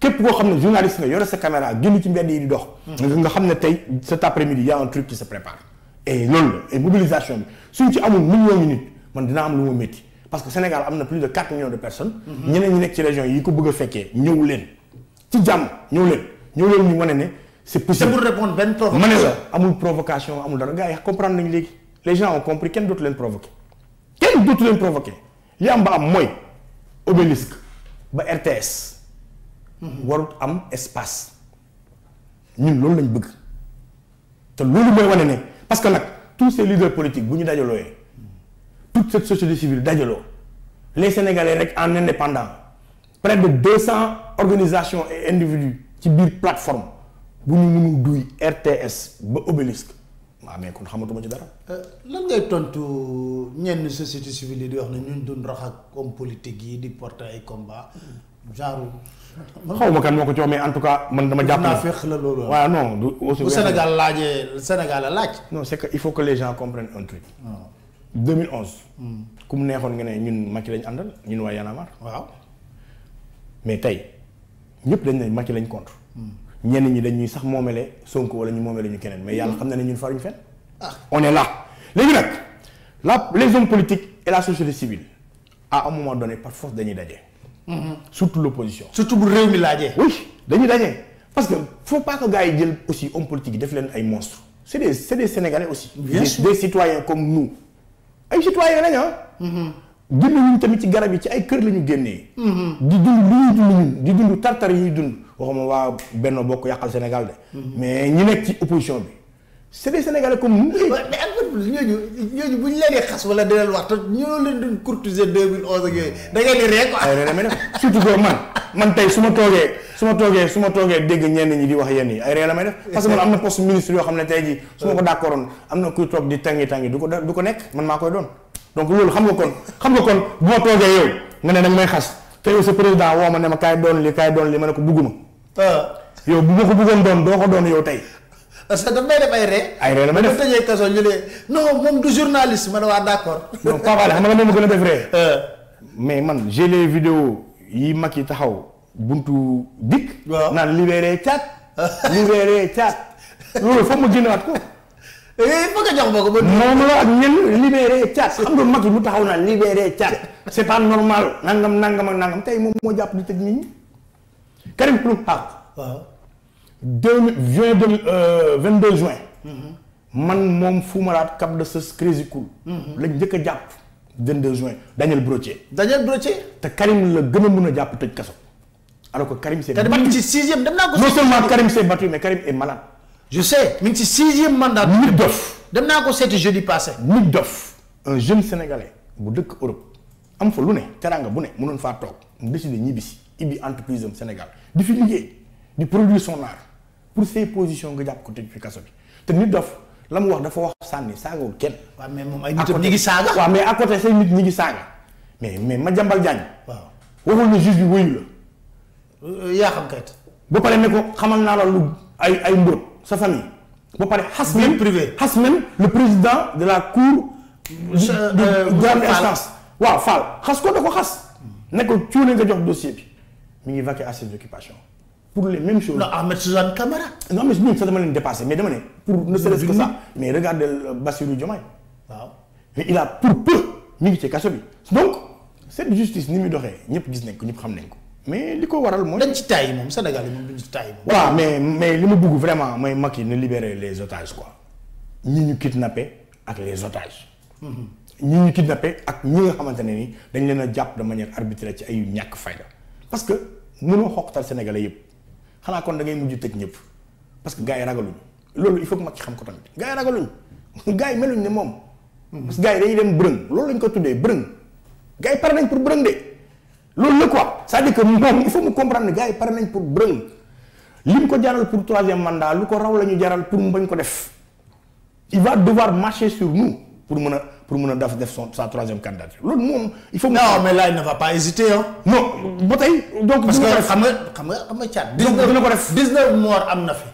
Que pour le journaliste sa caméra cet après midi y a un truc qui se prépare. et la et mobilisation Si ci un million de minutes, je am vous parce que Sénégal a plus de 4 millions de personnes. Mhm. ñeneen gens région a ne. c'est possible pour répondre provocation provocation comprendre les gens ont compris kenn dootu provoqué Quel d'autres provoqué Il obélisque RTS warut am espace ñun loolu lañ bëgg te loolu mooy wane ne parce que nag tous ces leaders politiques bu ñu dajalooyee toute cette société civile dajaloo les sénégalais rek en indépendant près de deux organisations et individus ci biir plateforme bu ñu mënul duy RTS ba obélisque waaw mais kon xamatuma ci dara. Euh, lan ngay tontu ñenn société civile yi di wax ne ñun duñ rax ak politique yi di porter ay combat genre xaw ma kan moko ko mais en tout cas man dama jàpp naa fex la loolu waaw non du aussi bu Sénégal laajee Sénégal la laaj non c'est que il faut que les gens comprennent un truc 2011 ah. hmm. kum mu neexoon nga ne ñun Macky lañ andal ñun waa Yanamar waaw mais tay ñep dañ lay Macky lañ contre hmm. ñen ñi dañuy sax momelé Sonko wala ñu momelé ñu keneen mais yalla xam na ne ñun fen ah on est là léegi nak la les hommes politiques et la société civile à un moment donné par force dañuy dajé Mm-hmm. surtout l'opposition surtout pour réew oui dañuy parce que faut pas que gars yi aussi des politique c'est des des sénégalais aussi. des citoyens comme nous. Des citoyens ah. mm-hmm. non des tamit ci garab yi ci ay des mm-hmm. di dund dund di dund yi dund waxuma des Sénégal mais opposition c'est des Sénégalais comme nous. mais en fait ñooñu ñooñu bu ñu leen di xas wala di leen wax te ñoo leen doon courtiser surtout que man man tey su ma toogee su ma toogee su ma toogee dégg ñenn ñi di wax yenn yi ay ree la may def. parce que man am na poste ministre yoo xam ne tey jii su ma ko d'accordoon am na kuy toog di tangi tangi du ko du ko nekk man maa koy doon donc loolu xam nga kon xam nga kon bu ma toogee yow nga ne da may xas te yow sa président woo ma ne ma kaay doon li kaay doon li ma ne ko bugguma. Ah. yow bu ma ko bëggoon doon doo ko doon yow tey parce que daf may def ay ree. la may def moom du journaliste ma ne waa d' accord. xam nga moom gën a def ree. Euh. mais man j'ai les yi mag yi taxaw buntu dikk. naan libéré Thiat. loolu foog ma génnaat ko. Eh, ma ko ba. moom xam nga mag yi mu taxaw naan libéré Thiat c' pas normal nangam nangam ak nangam tey moom moo jàpp di tëj nit Karim Xrum 22 juin deux euh, vingt deux juin. man mom Fumaraat cap de ce Crazy Cool. lañ njëkk a le 22 juin Daniel Brottier. Daniel Brottier. te Karim le gën a mën peut-être tëj alors que Karim s'est battu ci sixième dem naa ko. non seulement Karim c'est battu mais Karim est malade. je sais mais ngi sixième mandat. nit dof Demain naa ko c'était jeudi passé. nit dof un jeune sénégalais bu dëkk Europe am fa lu bonne, mon bu top. On décide toog mu décidé ñibbisi ibbi entreprise am Sénégal Difficile, fi son art pour ces positions nga jàpp ko tëj fi bi te nit dof lam wax dafa wax sànni saagawul ken wa mais mom ay nit ñi ngi saga wa mais à côté say nit ñi ngi saaga mais mais ma jambal Diagne. waaw waxul ne juge bi wëyu la. Euh, ya xam kayit. ba pare ne ko xamal na la lu ay ay mbóot sa famille. ba pare xas privé hasmen le président de la cour. de euh, grande instance. wa fal xas ko da ko xas. ne ko cuune nga jox dossier bi mi ngi vaquer à ses occupations pour les mêmes choses. Non, Ahmed Suzanne Camara. Non, mais ñun sax dama de dépasser. mais dama pour ne serait-ce que ça mais regardez euh, Bassirou Diomaye. waaw mais il a pour peu il a ci donc cette justice ni muy doxee ñëpp gis nañ ko ñëpp xam nañ ko mais li ko waral mooy. dañ ci taay moom Sénégal yi moom dañ ci taay waaw mais mais que je veux vraiment mooy Macky nous libérer les otages quoi nous ñu kidnappé les otages. ñi ñu kidnappé avec mm-hmm. ñi nga xamante ne nous dañ leen de manière arbitraire ci ay ñàkk fayda parce que mënoo xoqtal sénégalais xanaa kon da ngay mujj tëj ñëpp parce que gars yi ragaluñ loolu il faut que mag ci xam ko tamit gars yi ragaluñ gars yi meluñ ne moom. parce que gars yi dañuy dem bërëng loolu lañ ko tuddee bërëng gars yi pare nañ pour bërëng de loolu la quoi c'est-à-dire que moom il faut yi pare nañ pour bërëng li mu ko jaral pour troisième mandat lu ko raw la ñu jaral pour mu bañ ko def il va devoir marcher sur nous pour mën pour mën a daf def son sa troisième candidature loolu moom. il faut non mais là il ne va pas hésiter hein. non ba tey. donc parce que xam nga xam nga xam nga caat. 19 morts am na fi.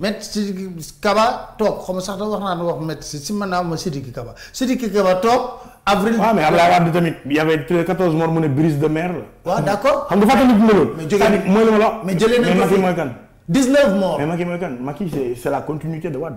met hmm. si Kaba toog xaw ma sax da wax naa ne wax met si si mën naa Sidiki Kaba Sidiki Kaba toog. avril waaw mais Abdoulaye Wade tamit y avait 14 morts mu brise de mer Ouais, d'accord. d' accord xam nga fàttali ñu loolu. mais jógee mooy la mais je l'ai ko 19 morts mais Macky mooy kan Macky c' est la continuité de Wad.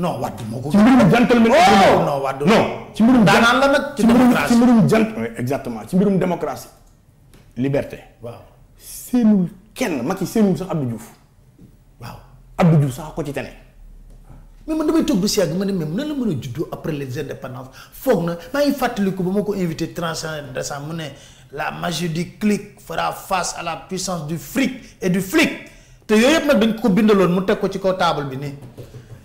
non c'est oh, non ci non non ci mbirum. démocratie exactement ci démocratie liberté. waaw seenul kenn c'est c'est sax Abdou Diouf waaw Abdou Diouf sax ko ci mais man damay si même nan la après les indépendances na ngi ko invité 31 décembre mu ne la magie du clic fera face à la puissance du fric et du flic te yoyep nak dañ ko bindalon mu tek ko ci table bi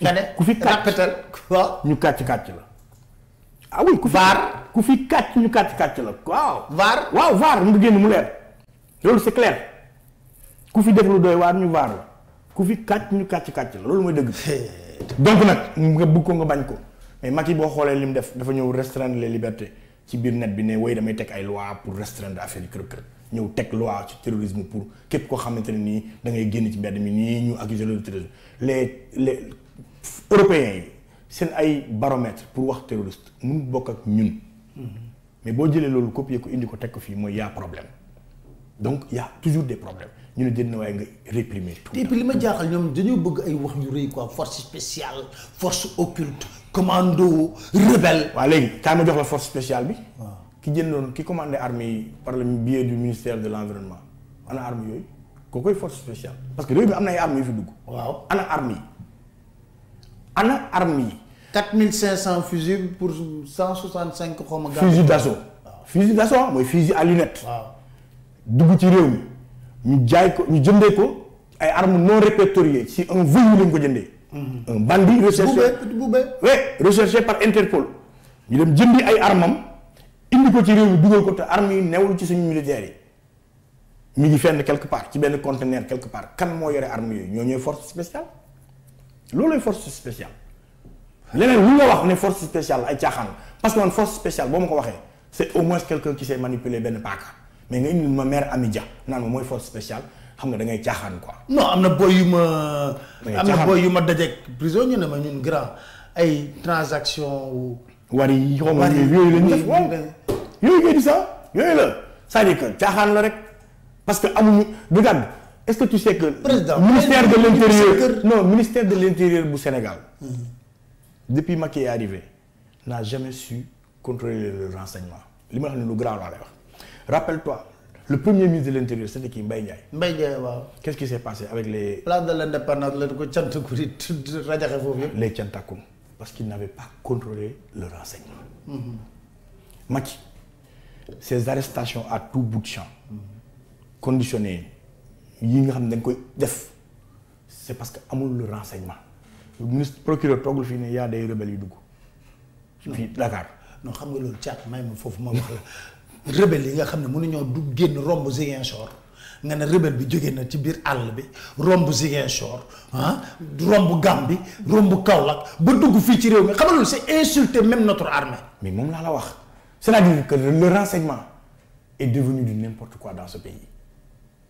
nga kan ya? ne ku fi kàcc waaw ñu kàcc kàcc la ah oui ku fi vaar ku fi kàcc ñu kàcc kàcc la waaw vaar waaw vaar nga génn mu leer loolu c'est clair ku fi def lu doy waar ñu vaar ku fi kàcc ñu kàcc kàcc la loolu mooy dëgg donc nag nga bëgg ko nga bañ ko mais Macky boo xoolee lim def dafa loi ci terrorisme pour kep ko xamanteni da ngay ci mbedd mi ni ñu accuser le terrorisme les les européens c'est des baromètres baromètre pour wax terroriste Nous ils ak ñun mais si jëlee Mais copier ko indi ko ko y a problème donc il y a toujours des problèmes Nous nous réprimer tout et puis li ma jaaxal des bëgg ay wax ñu rëy quoi force spéciale force occulte commando rebelle Allez, léegi ma la force spéciale Qui ki l'armée par le biais du ministère de l'environnement ana arme Quoi quoi force spéciale parce que y a des armées ay armes fi dugg ana armes 4500 fusils pour 165 xaw fusil d'assaut fusil d'assaut mais fusil à lunettes. waaw dugg ci réew mi ñu jaay ko ñu armes non répertoriées si un veut lañ ko jëndee. Mm-hmm. un bandit recherché oui recherché par Interpol. ñu a jëndi ay armes indi ko ci réew mi dugal ko te armes yi newul ci suñu militaire mi fenn quelque part ci benn conteneur quelque part kan moo yore armes yooyu force spéciale loolooy force spéciale leneen lu nga wax ne force spéciale ay tiaxan parce que man force spéciale boo ko waxee c'est au moins quelqu'un qui sait manipuler ben paaka mais ngay indil ma mère Amidia naan moy force spéciale xam nga da ngay tiaxan quoi. non amna boy yu ma. amna boy yu ma dajeeg prison ñu ne ma ñun grand ay transaction wu. war yi xaw ma yooyu la ñu def waaw di ça yooyu la ça dit que tiaxan la rek parce que amuñu du dagg est-ce que tu sais que. le ministère de l'intérieur non ministère de l'intérieur du Sénégal. Mhm. depuis Macky est arrivé n'a jamais su contrôler le renseignement ma rappelle-toi le premier ministre de l'intérieur c'était qui Mbaye Ndiaye. Mbaye Ndiaye qu'est-ce qui s'est passé avec les. plan de l'indépendance le les Tiantakoum, parce qu'ils n'avaient pas contrôlé le renseignement. Mhm. Maki, ces arrestations à tout bout de champ. conditionnées yi nga koy c'est parce que amul le renseignement le ministre procureur toogul y a des rebelles yu dugg. fii Dakar. non xam nga loolu may ma la rebelle yi nga xam ne mënuñoo du génn romb Chor nga ne rebelle bi jóge na ci biir àll bi romb ah romb gambi, romb ci mi xam c'est insulter même notre armée. mais moom laa la wax c'est-à-dire que le renseignement est devenu du n'importe quoi dans ce pays.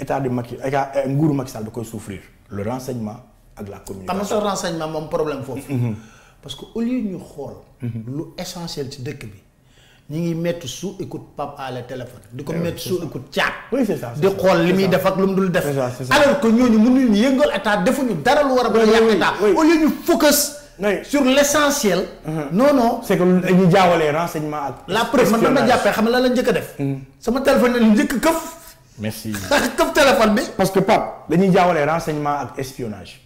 état du Macky état euh, nguuru Macky Sall da koy souffrir le renseignement avec la communication. Quand nga renseignement mon problème foofu. Mm-hmm. Mm-hmm. parce que au lieu de xool. Mm-hmm. lu essentiel ci dëkk bi. ñu ngi mettre sous écoute à le téléphone. di eh mettre sous écoute chat. oui c'est ça di xool li muy def ak lu mu def. alors que ñooñu mënuñu yëngal état defuñu dara lu war a. oui yàq état au lieu ñu focus. sur l'essentiel. non non. C'est que ñu jaawalee renseignement ak. la preuve man dama jàppee xam nga lan la njëkk a def. sama téléphone la njëkk merci téléphone parce que Pape dañuy des renseignements et espionnage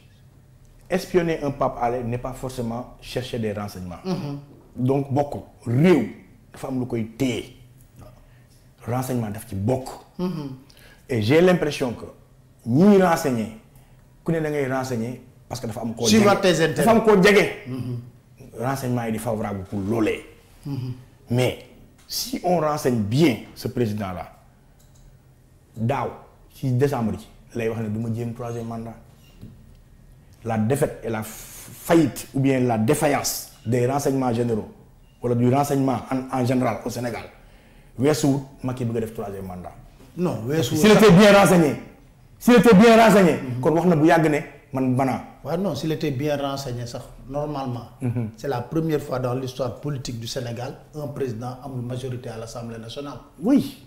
espionner un Pape n'est pas forcément chercher des renseignements. Mm-hmm. donc beaucoup, réew les am ont été renseignements. renseignement daf ci mm-hmm. et j'ai l'impression que ñuy renseigner ku nous da ngay renseigné parce que dafa am. koo renseignements, dafa am koo jege. Mm-hmm. renseignement est favorable pour lolé. mais si on renseigne bien ce président là daaw ci décembre ci lay wax du troisième mandat la défaite et la faillite ou bien la défaillance des renseignements généraux ou du renseignement en général au Sénégal weesuwut Macky bëgg a def troisième mandat. non weesuwut s'il était bien renseigné. s'il était bien renseigné. Mhm. kon wax na bu yàgg ne man banaa. waaw non s'il était bien renseigné normalement. Mhm. c'est la première fois dans l'histoire politique du Sénégal un président une majorité à l'Assemblée nationale. oui.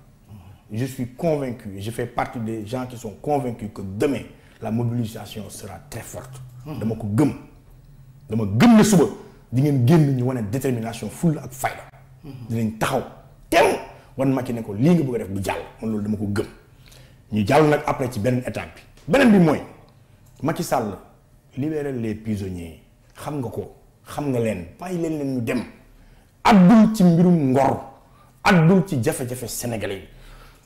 je suis convaincu, je fais partie des gens qui sont convaincus que demain, la mobilisation sera très forte. Je ko Je dama gum le suba di convaincu. génn la détermination full ak fayda. taxaw ko nga bëgg du Je suis dama après ci étape bi. bi libérer les prisonniers xam nga ko xam nga ñu dem Abdul ci mbirum ngor ci jafé sénégalais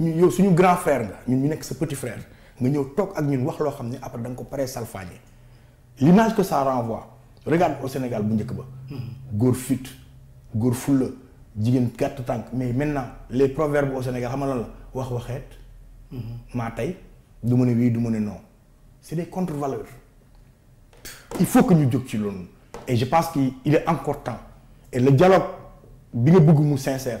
ñu yow suñu grand frère nga ñun ñu nekk sa petit frère nga ñëw toog ak ñun wax loo xam ne après da nga ko l'image que ça renvoie regarde au Sénégal bu njëkk ba góor fit góor fulla jigéen gàtt tànk mais maintenant les proverbes au Sénégal xam nga la wax waxeet maa tey du ma ne oui du ma non c'est des contre-valeurs il faut que ñu jóg ci et je pense qu'il est encore temps et le dialogue bi nga bëgg mu sincère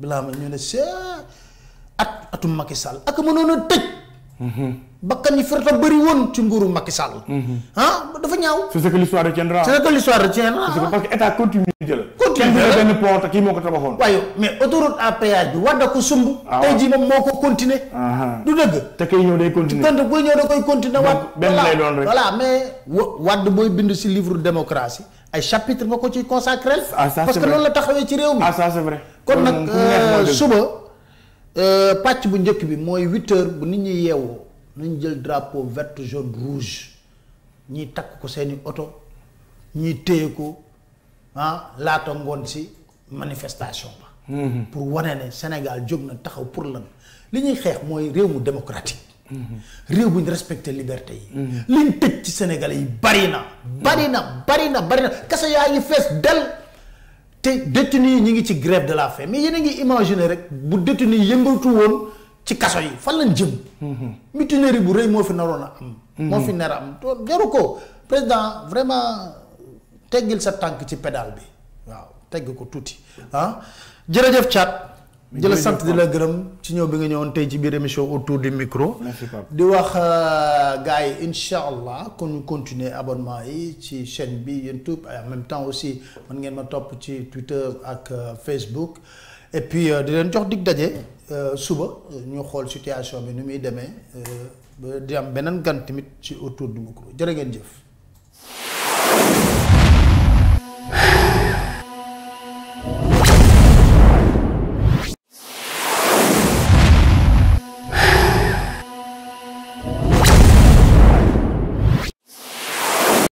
bilaa ñu ne sé ak atu Macky Sall ak mënoon tej hmm bakkan yi firta bari won ci nguru Macky Sall. hmm han dafa ñaaw. c'est que l'histoire de tiendra c'est que l'histoire de retiendra. parce eh, que état continue de la. continue de la kenn du benn pont kii mais autoroute à péage bi wada ko sumb. tay ji mom moko continuer ko du deug te kay ñëw day continuer. kon buy ñëw da koy continuer wat ben lay doon rek voilà mais. wad boy bind ci livre démocratie. ay chapitre nga ko ci consacré. Ah, parce que loolu la taxawee ci réew mi. ah ça c'est vrai kon nag euh, suba. Euh, pàcc bu njëkk bi mooy huit bu nit ñi yeewoo nañ jël drapeau vert jaune rouge ñiy takk ko seeni oto ñiy téye ko ah laata ngoon si manifestation ba. Mhm. pour wane ne Sénégal jóg na taxaw pour lan li ñuy xeex mooy réew mu démocratique. réew bu ñu respecté liberté yi. liñ tëj ci sénégal yi bari na. bari na bari na bari na kaso yaa ngi fees del te détenu ñu ngi ci grève de la faim mais yéen a ngi imaginer rek bu détenu yëngatu woon ci kaso yi fan lañ jëm. mutinerie bu rëy moo fi naroon a am. moo fi nar am am jaru ko président vraiment teggil sa tànk ci pédale bi waaw tegg ko tuuti ah jërëjëf Thiat. Je le sant de la gërëm ci ñëw bi nga ñëwoon tey ci biir émission autour du micro. di wax euh, gars yi incha allah kon ñu continuer abonnement yi ci chaîne bi YouTube et en même temps aussi mën ngeen ma top ci Twitter ak euh, Facebook. et puis euh, di leen jox dig daje suba ñu xool situation bi ni muy demee ba di am beneen gan tamit ci autour du micro jërë ngeen jëf.